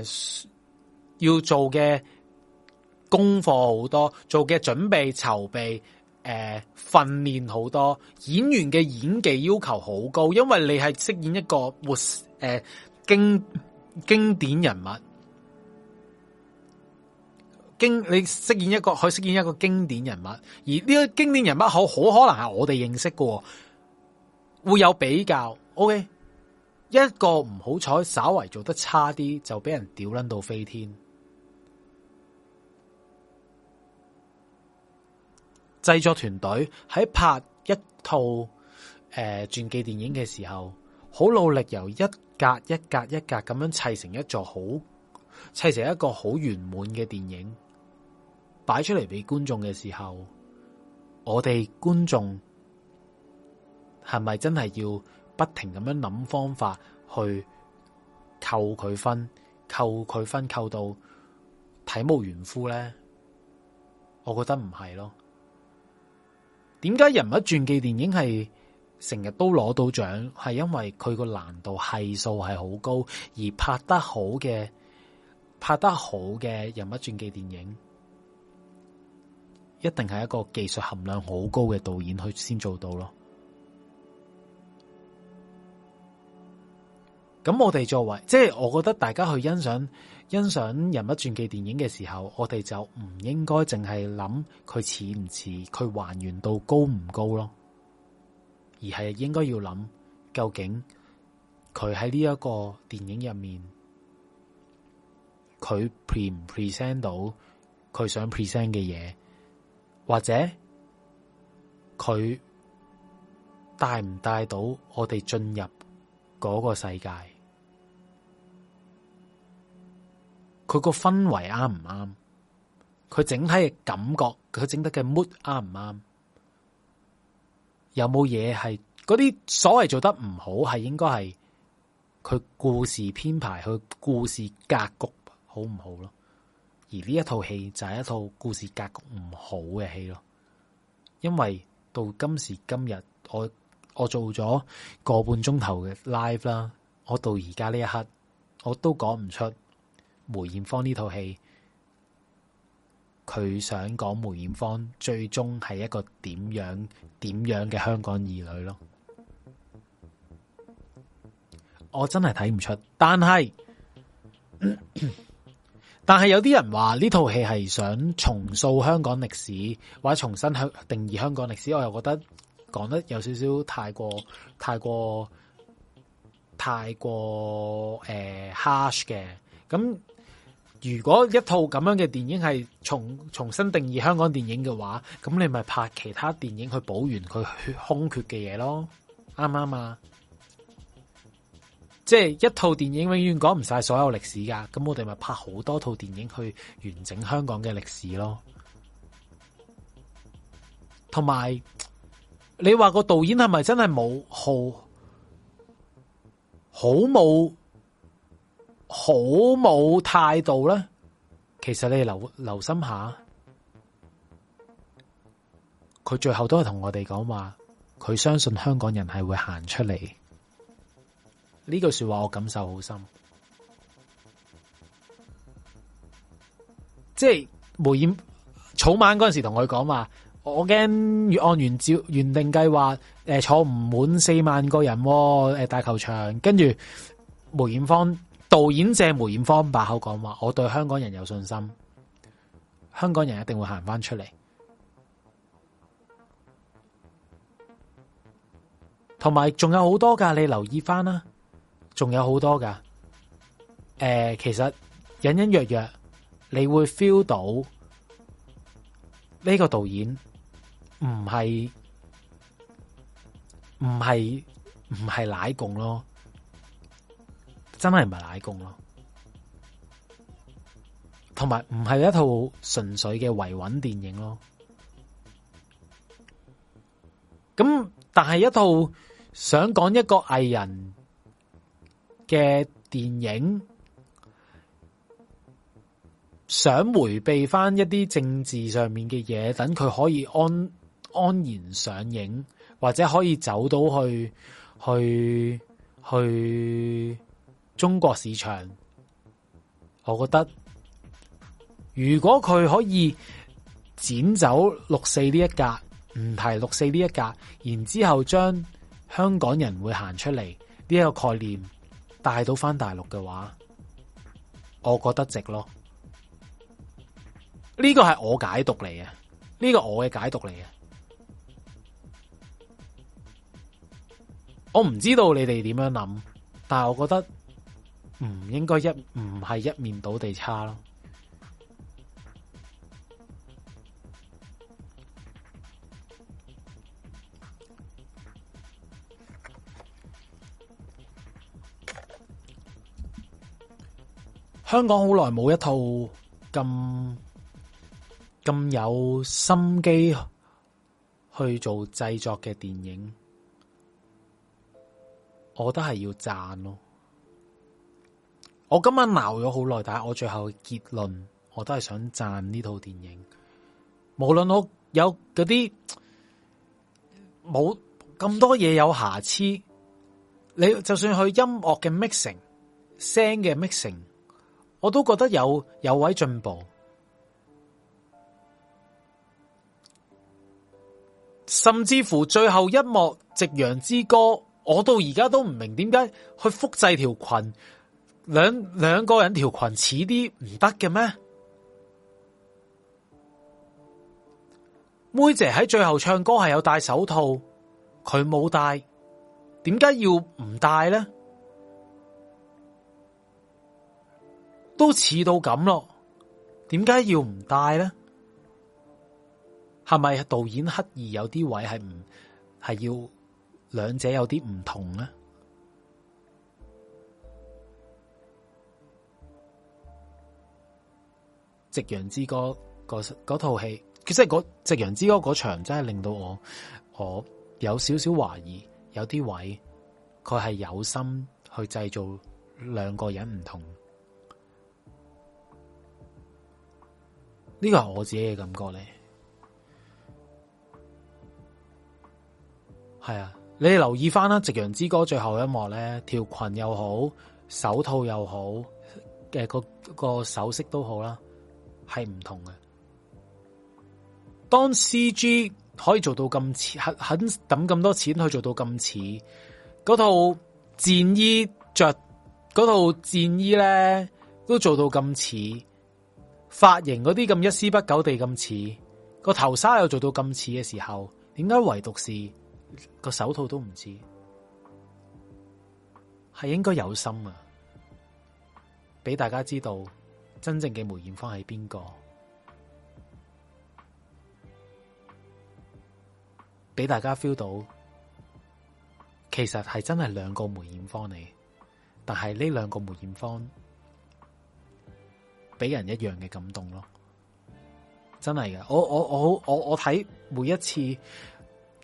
要做嘅功課好多，做嘅準備籌備。誒，訓練好多演員嘅演技要求好高，因為你係飾演一個活誒、呃、經經典人物，經你飾演一個可以飾演一個經典人物，而呢個經典人物好好可能係我哋認識嘅，會有比較。OK，一個唔好彩，稍微做得差啲就俾人屌甩到飛天。製作團隊喺拍一套誒傳記電影嘅時候，好努力由一格一格一格咁樣砌成一座好，砌成一個好圓滿嘅電影擺出嚟俾觀眾嘅時候，我哋觀眾係咪真係要不停咁樣諗方法去扣佢分，扣佢分，扣到體無完膚呢？我覺得唔係咯。點解人物傳記電影係成日都攞到獎？係因為佢個難度係數係好高，而拍得好嘅拍得好嘅人物傳記電影，一定係一個技術含量好高嘅導演去先做到咯。咁我哋作為，即係我覺得大家去欣賞。欣賞人物傳記電影嘅時候，我哋就唔應該淨係諗佢似唔似，佢還原度高唔高咯，而係應該要諗究竟佢喺呢一個電影入面，佢 present 唔 present 到佢想 present 嘅嘢，或者佢帶唔帶到我哋進入嗰個世界。佢個氛圍啱唔啱？佢整體嘅感覺，佢整得嘅 mood 啱唔啱？有冇嘢係嗰啲所謂做得唔好？係應該係佢故事編排，佢故事格局好唔好咯？而呢一套戲就係一套故事格局唔好嘅戲咯。因為到今時今日，我我做咗個半鐘頭嘅 live 啦，我到而家呢一刻，我都講唔出。梅艷芳呢套戲，佢想講梅艷芳最終係一個點樣點樣嘅香港兒女咯？我真係睇唔出，但係但係有啲人話呢套戲係想重塑香港歷史，或者重新定義香港歷史，我又覺得講得有少少太過太過太過誒 harsh 嘅咁。呃如果一套咁樣嘅電影係重，重新定義香港電影嘅話，咁你咪拍其他電影去補完佢空缺嘅嘢咯，啱唔啱啊？即係一套電影永遠講唔晒，所有歷史噶，咁我哋咪拍好多套電影去完整香港嘅歷史咯。同埋，你話個導演係咪真係冇好好冇？好冇態度咧，其實你留留心下，佢最後都係同我哋講話，佢相信香港人係會行出嚟。呢句說話我感受好深， 即係梅豔草蜢嗰陣時同佢講話，我驚按原照原定計劃，誒、呃、坐唔滿四萬個人，啊，誒、呃、大球場，跟住梅豔芳，導演借梅豔芳把口講話，我對香港人有信心，香港人一定會行翻出嚟。同埋仲有好多噶，你留意翻啦，仲有好多噶，誒、呃，其實隱隱約約你會 feel 到呢個導演唔係唔係唔係奶共咯。真係唔係奶共咯，同埋唔係一套純粹嘅維穩電影咯。咁但係一套想講一個藝人嘅電影，想回避翻一啲政治上面嘅嘢，等佢可以安安然上映，或者可以走到去去去。去中國市場，我覺得如果佢可以剪走六四呢一格，唔提六四呢一格，然之後將香港人會行出嚟呢一個概念帶到翻大陸嘅話，我覺得值咯。呢個係我解讀嚟嘅，呢個我嘅解讀嚟嘅，我唔知道你哋點樣諗，但係我覺得。唔應該一唔係一面倒地差咯。香港好耐冇一套咁咁有心機去做製作嘅電影，我覺得係要讚咯。我今晚鬧咗好耐，但係我最後結論，我都係想讚呢套電影。無論我有嗰啲冇咁多嘢、有瑕疵，你就算去音樂嘅 mixing、聲嘅 mixing，我都覺得有有位進步。甚至乎最後一幕《夕陽之歌》，我到而家都唔明點解去複製條裙。兩兩個人條裙似啲唔得嘅咩？妹姐喺最後唱歌係有戴手套，佢冇戴，點解要唔戴呢？都似到咁咯，點解要唔戴呢？係咪導演刻意有啲位係唔係要兩者有啲唔同呢？《夕陽之歌》嗰套戲，其實《夕陽之歌》嗰場真係令到我我有少少懷疑，有啲位佢係有心去製造兩個人唔同。呢個係我自己嘅感覺咧。係啊，你留意翻啦，《夕陽之歌》最後一幕咧，條裙又好，手套又好，嘅、呃、個個首飾都好啦。係唔同嘅。當 CG 可以做到咁似，肯抌咁多錢去做到咁似，嗰套戰衣着，嗰套戰衣咧都做到咁似，髮型嗰啲咁一絲不苟地咁似，個頭紗又做到咁似嘅時候，點解唯獨係個手套都唔似？係應該有心啊，俾大家知道。真正嘅梅艷芳係邊個？俾大家 feel 到，其實係真係兩個梅艷芳嚟，但係呢兩個梅艷芳俾人一樣嘅感動咯，真係嘅。我我我我我睇每一次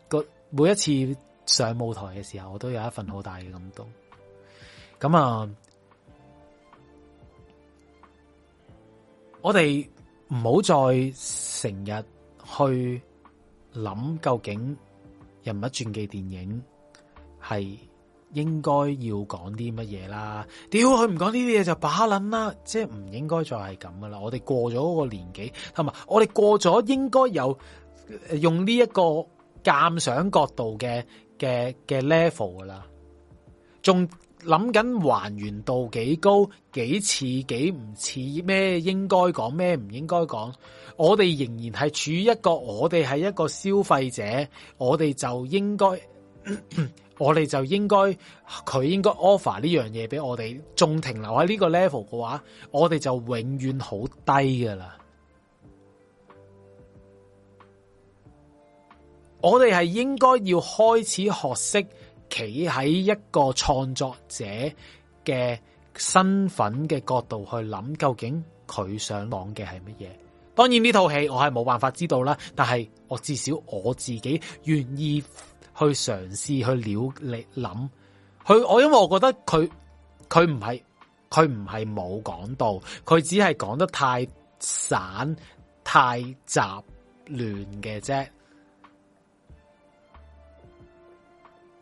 個每一次上舞台嘅時候，我都有一份好大嘅感動。咁啊。我哋唔好再成日去諗究竟人物傳記電影係應該要講啲乜嘢啦？屌佢唔講呢啲嘢，就把捻啦，即係唔應該再係咁噶啦。我哋過咗嗰個年紀，同埋我哋過咗應該有用呢一個鑑賞角度嘅嘅嘅 level 噶啦。仲諗緊還原度幾高，幾似幾唔似，似，咩應該講，咩唔應該講？我哋仍然係處於一個我哋係一個消費者，我哋就應該，咳咳我哋就應該佢應該 offer 呢樣嘢俾我哋。仲停留喺呢個 level 嘅話，我哋就永遠好低噶啦。我哋係應該要開始學識。企喺一個創作者嘅身份嘅角度去諗，究竟佢上網嘅係乜嘢？當然呢套戲我係冇辦法知道啦，但係我至少我自己願意去嘗試去料嚟諗。佢我因為我覺得佢佢唔係佢唔係冇講到，佢只係講得太散太雜亂嘅啫。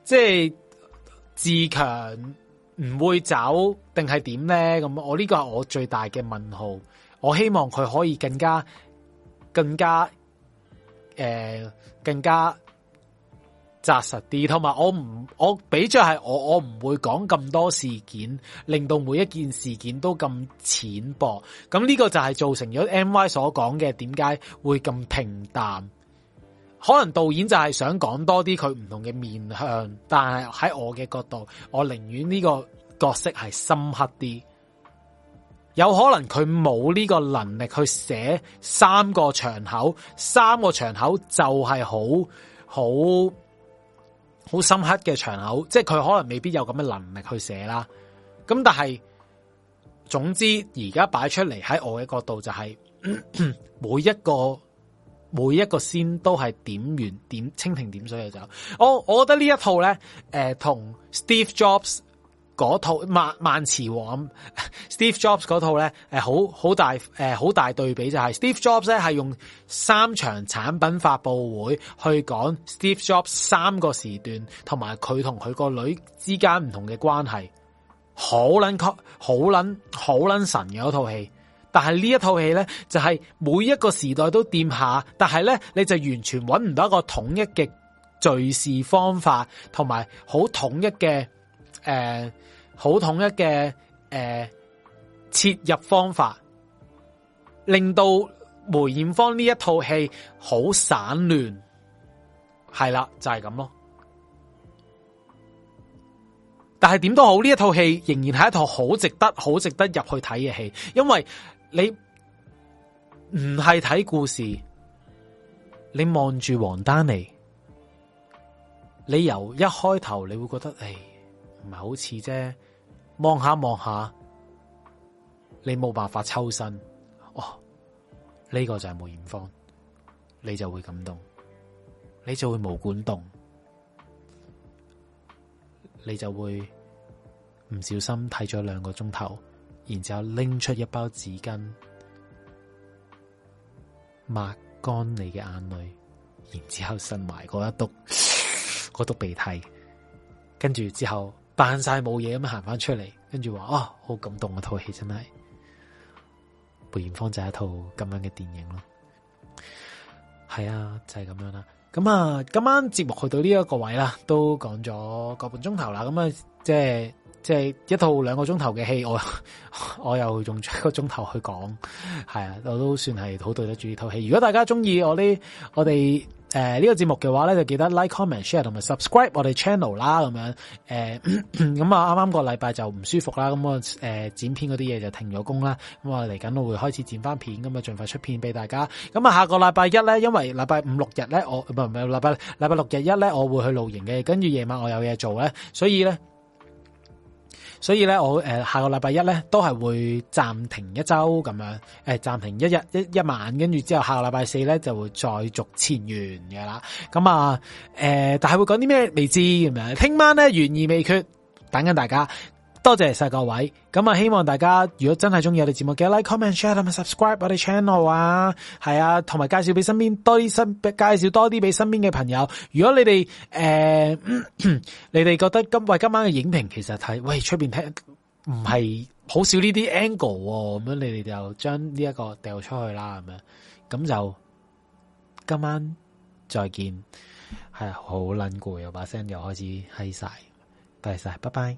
即係自強唔會走定係點咧？咁我呢、這個係我最大嘅問號。我希望佢可以更加、更加、誒、呃、更加紮實啲。同埋我唔，我俾咗係我，我唔會講咁多事件，令到每一件事件都咁淺薄。咁呢個就係造成咗 M Y 所講嘅點解會咁平淡。可能導演就係想講多啲佢唔同嘅面向，但係喺我嘅角度，我寧願呢個角色係深刻啲。有可能佢冇呢個能力去寫三個場口，三個場口就係好好好深刻嘅場口，即係佢可能未必有咁嘅能力去寫啦。咁但係總之而家擺出嚟喺我嘅角度就係每一個。每一個先都係點完點蜻蜓點水就走。我、oh, 我覺得呢一套咧，誒、呃、同 Steve Jobs 嗰套萬萬磁王 ，Steve Jobs 嗰套咧，誒好好大誒、呃、好大對比就係 Steve Jobs 咧，係用三場產品發布會去講 Steve Jobs 三個時段，他他同埋佢同佢個女之間唔同嘅關係，好捻級，好捻好捻神嘅嗰套戲。但係呢一套戲咧，就係、是、每一個時代都掂下，但係咧你就完全搵唔到一個統一嘅敘事方法，同埋好統一嘅誒，好、呃、統一嘅誒、呃、切入方法，令到梅艷芳呢一套戲好散亂，係啦，就係、是、咁咯。但係點都好，呢一套戲仍然係一套好值得、好值得入去睇嘅戲，因為。你唔係睇故事，你望住王丹妮，你由一開頭你會覺得誒，唔係好似啫，望下望下，你冇辦法抽身哦，呢個就係梅艷芳，你就會感動，你就會冇管動，你就會唔小心睇咗兩個鐘頭。然之後拎出一包紙巾，抹乾你嘅眼淚，然之後擤埋嗰一督嗰督鼻涕，跟住之後扮晒冇嘢咁樣行翻出嚟，跟住話哦，好感動啊！套戲真係，梅艷芳就係、是、一套咁樣嘅電影咯。係啊，就係、是、咁樣啦。咁啊，今晚節目去到呢一個位啦，都講咗個半鐘頭啦。咁啊、就是，即係。即係一套兩個鐘頭嘅戲，我我又用咗一個鐘頭去講，係啊，我都算係好對得住呢套戲。如果大家中意我啲我哋誒呢個節目嘅話咧，就記得 like comment, share,、comment、share 同埋 subscribe 我哋 channel 啦。咁樣誒，咁 啊，啱啱個禮拜就唔舒服啦，咁我誒剪片嗰啲嘢就停咗工啦。咁、嗯、啊，嚟緊我會開始剪翻片，咁啊盡快出片俾大家。咁、嗯、啊，下個禮拜一咧，因為禮拜五六日咧，我唔係唔係禮拜禮拜六日一咧，我會去露營嘅。跟住夜晚我有嘢做咧，所以咧。所以咧，我誒下個禮拜一咧都係會暫停一周咁樣，誒暫停一日一一晚，跟住之後下個禮拜四咧就會再續前緣嘅啦。咁啊，誒、呃、但係會講啲咩未知，咁樣聽晚咧懸而未決，等緊大家。多謝晒各位，咁啊希望大家如果真係中意我哋節目嘅，like comment share 同埋 subscribe 我哋 channel 啊，係啊，同埋介紹俾身邊多啲身，介紹多啲俾身邊嘅朋友。如果你哋誒、呃，你哋覺得今為今晚嘅影評其實睇，喂出邊聽唔係好少呢啲 angle，咁樣你哋就將呢一個掉出去啦，咁樣咁就今晚再見，係好撚攰，又把聲又開始閪晒，多謝晒，拜拜。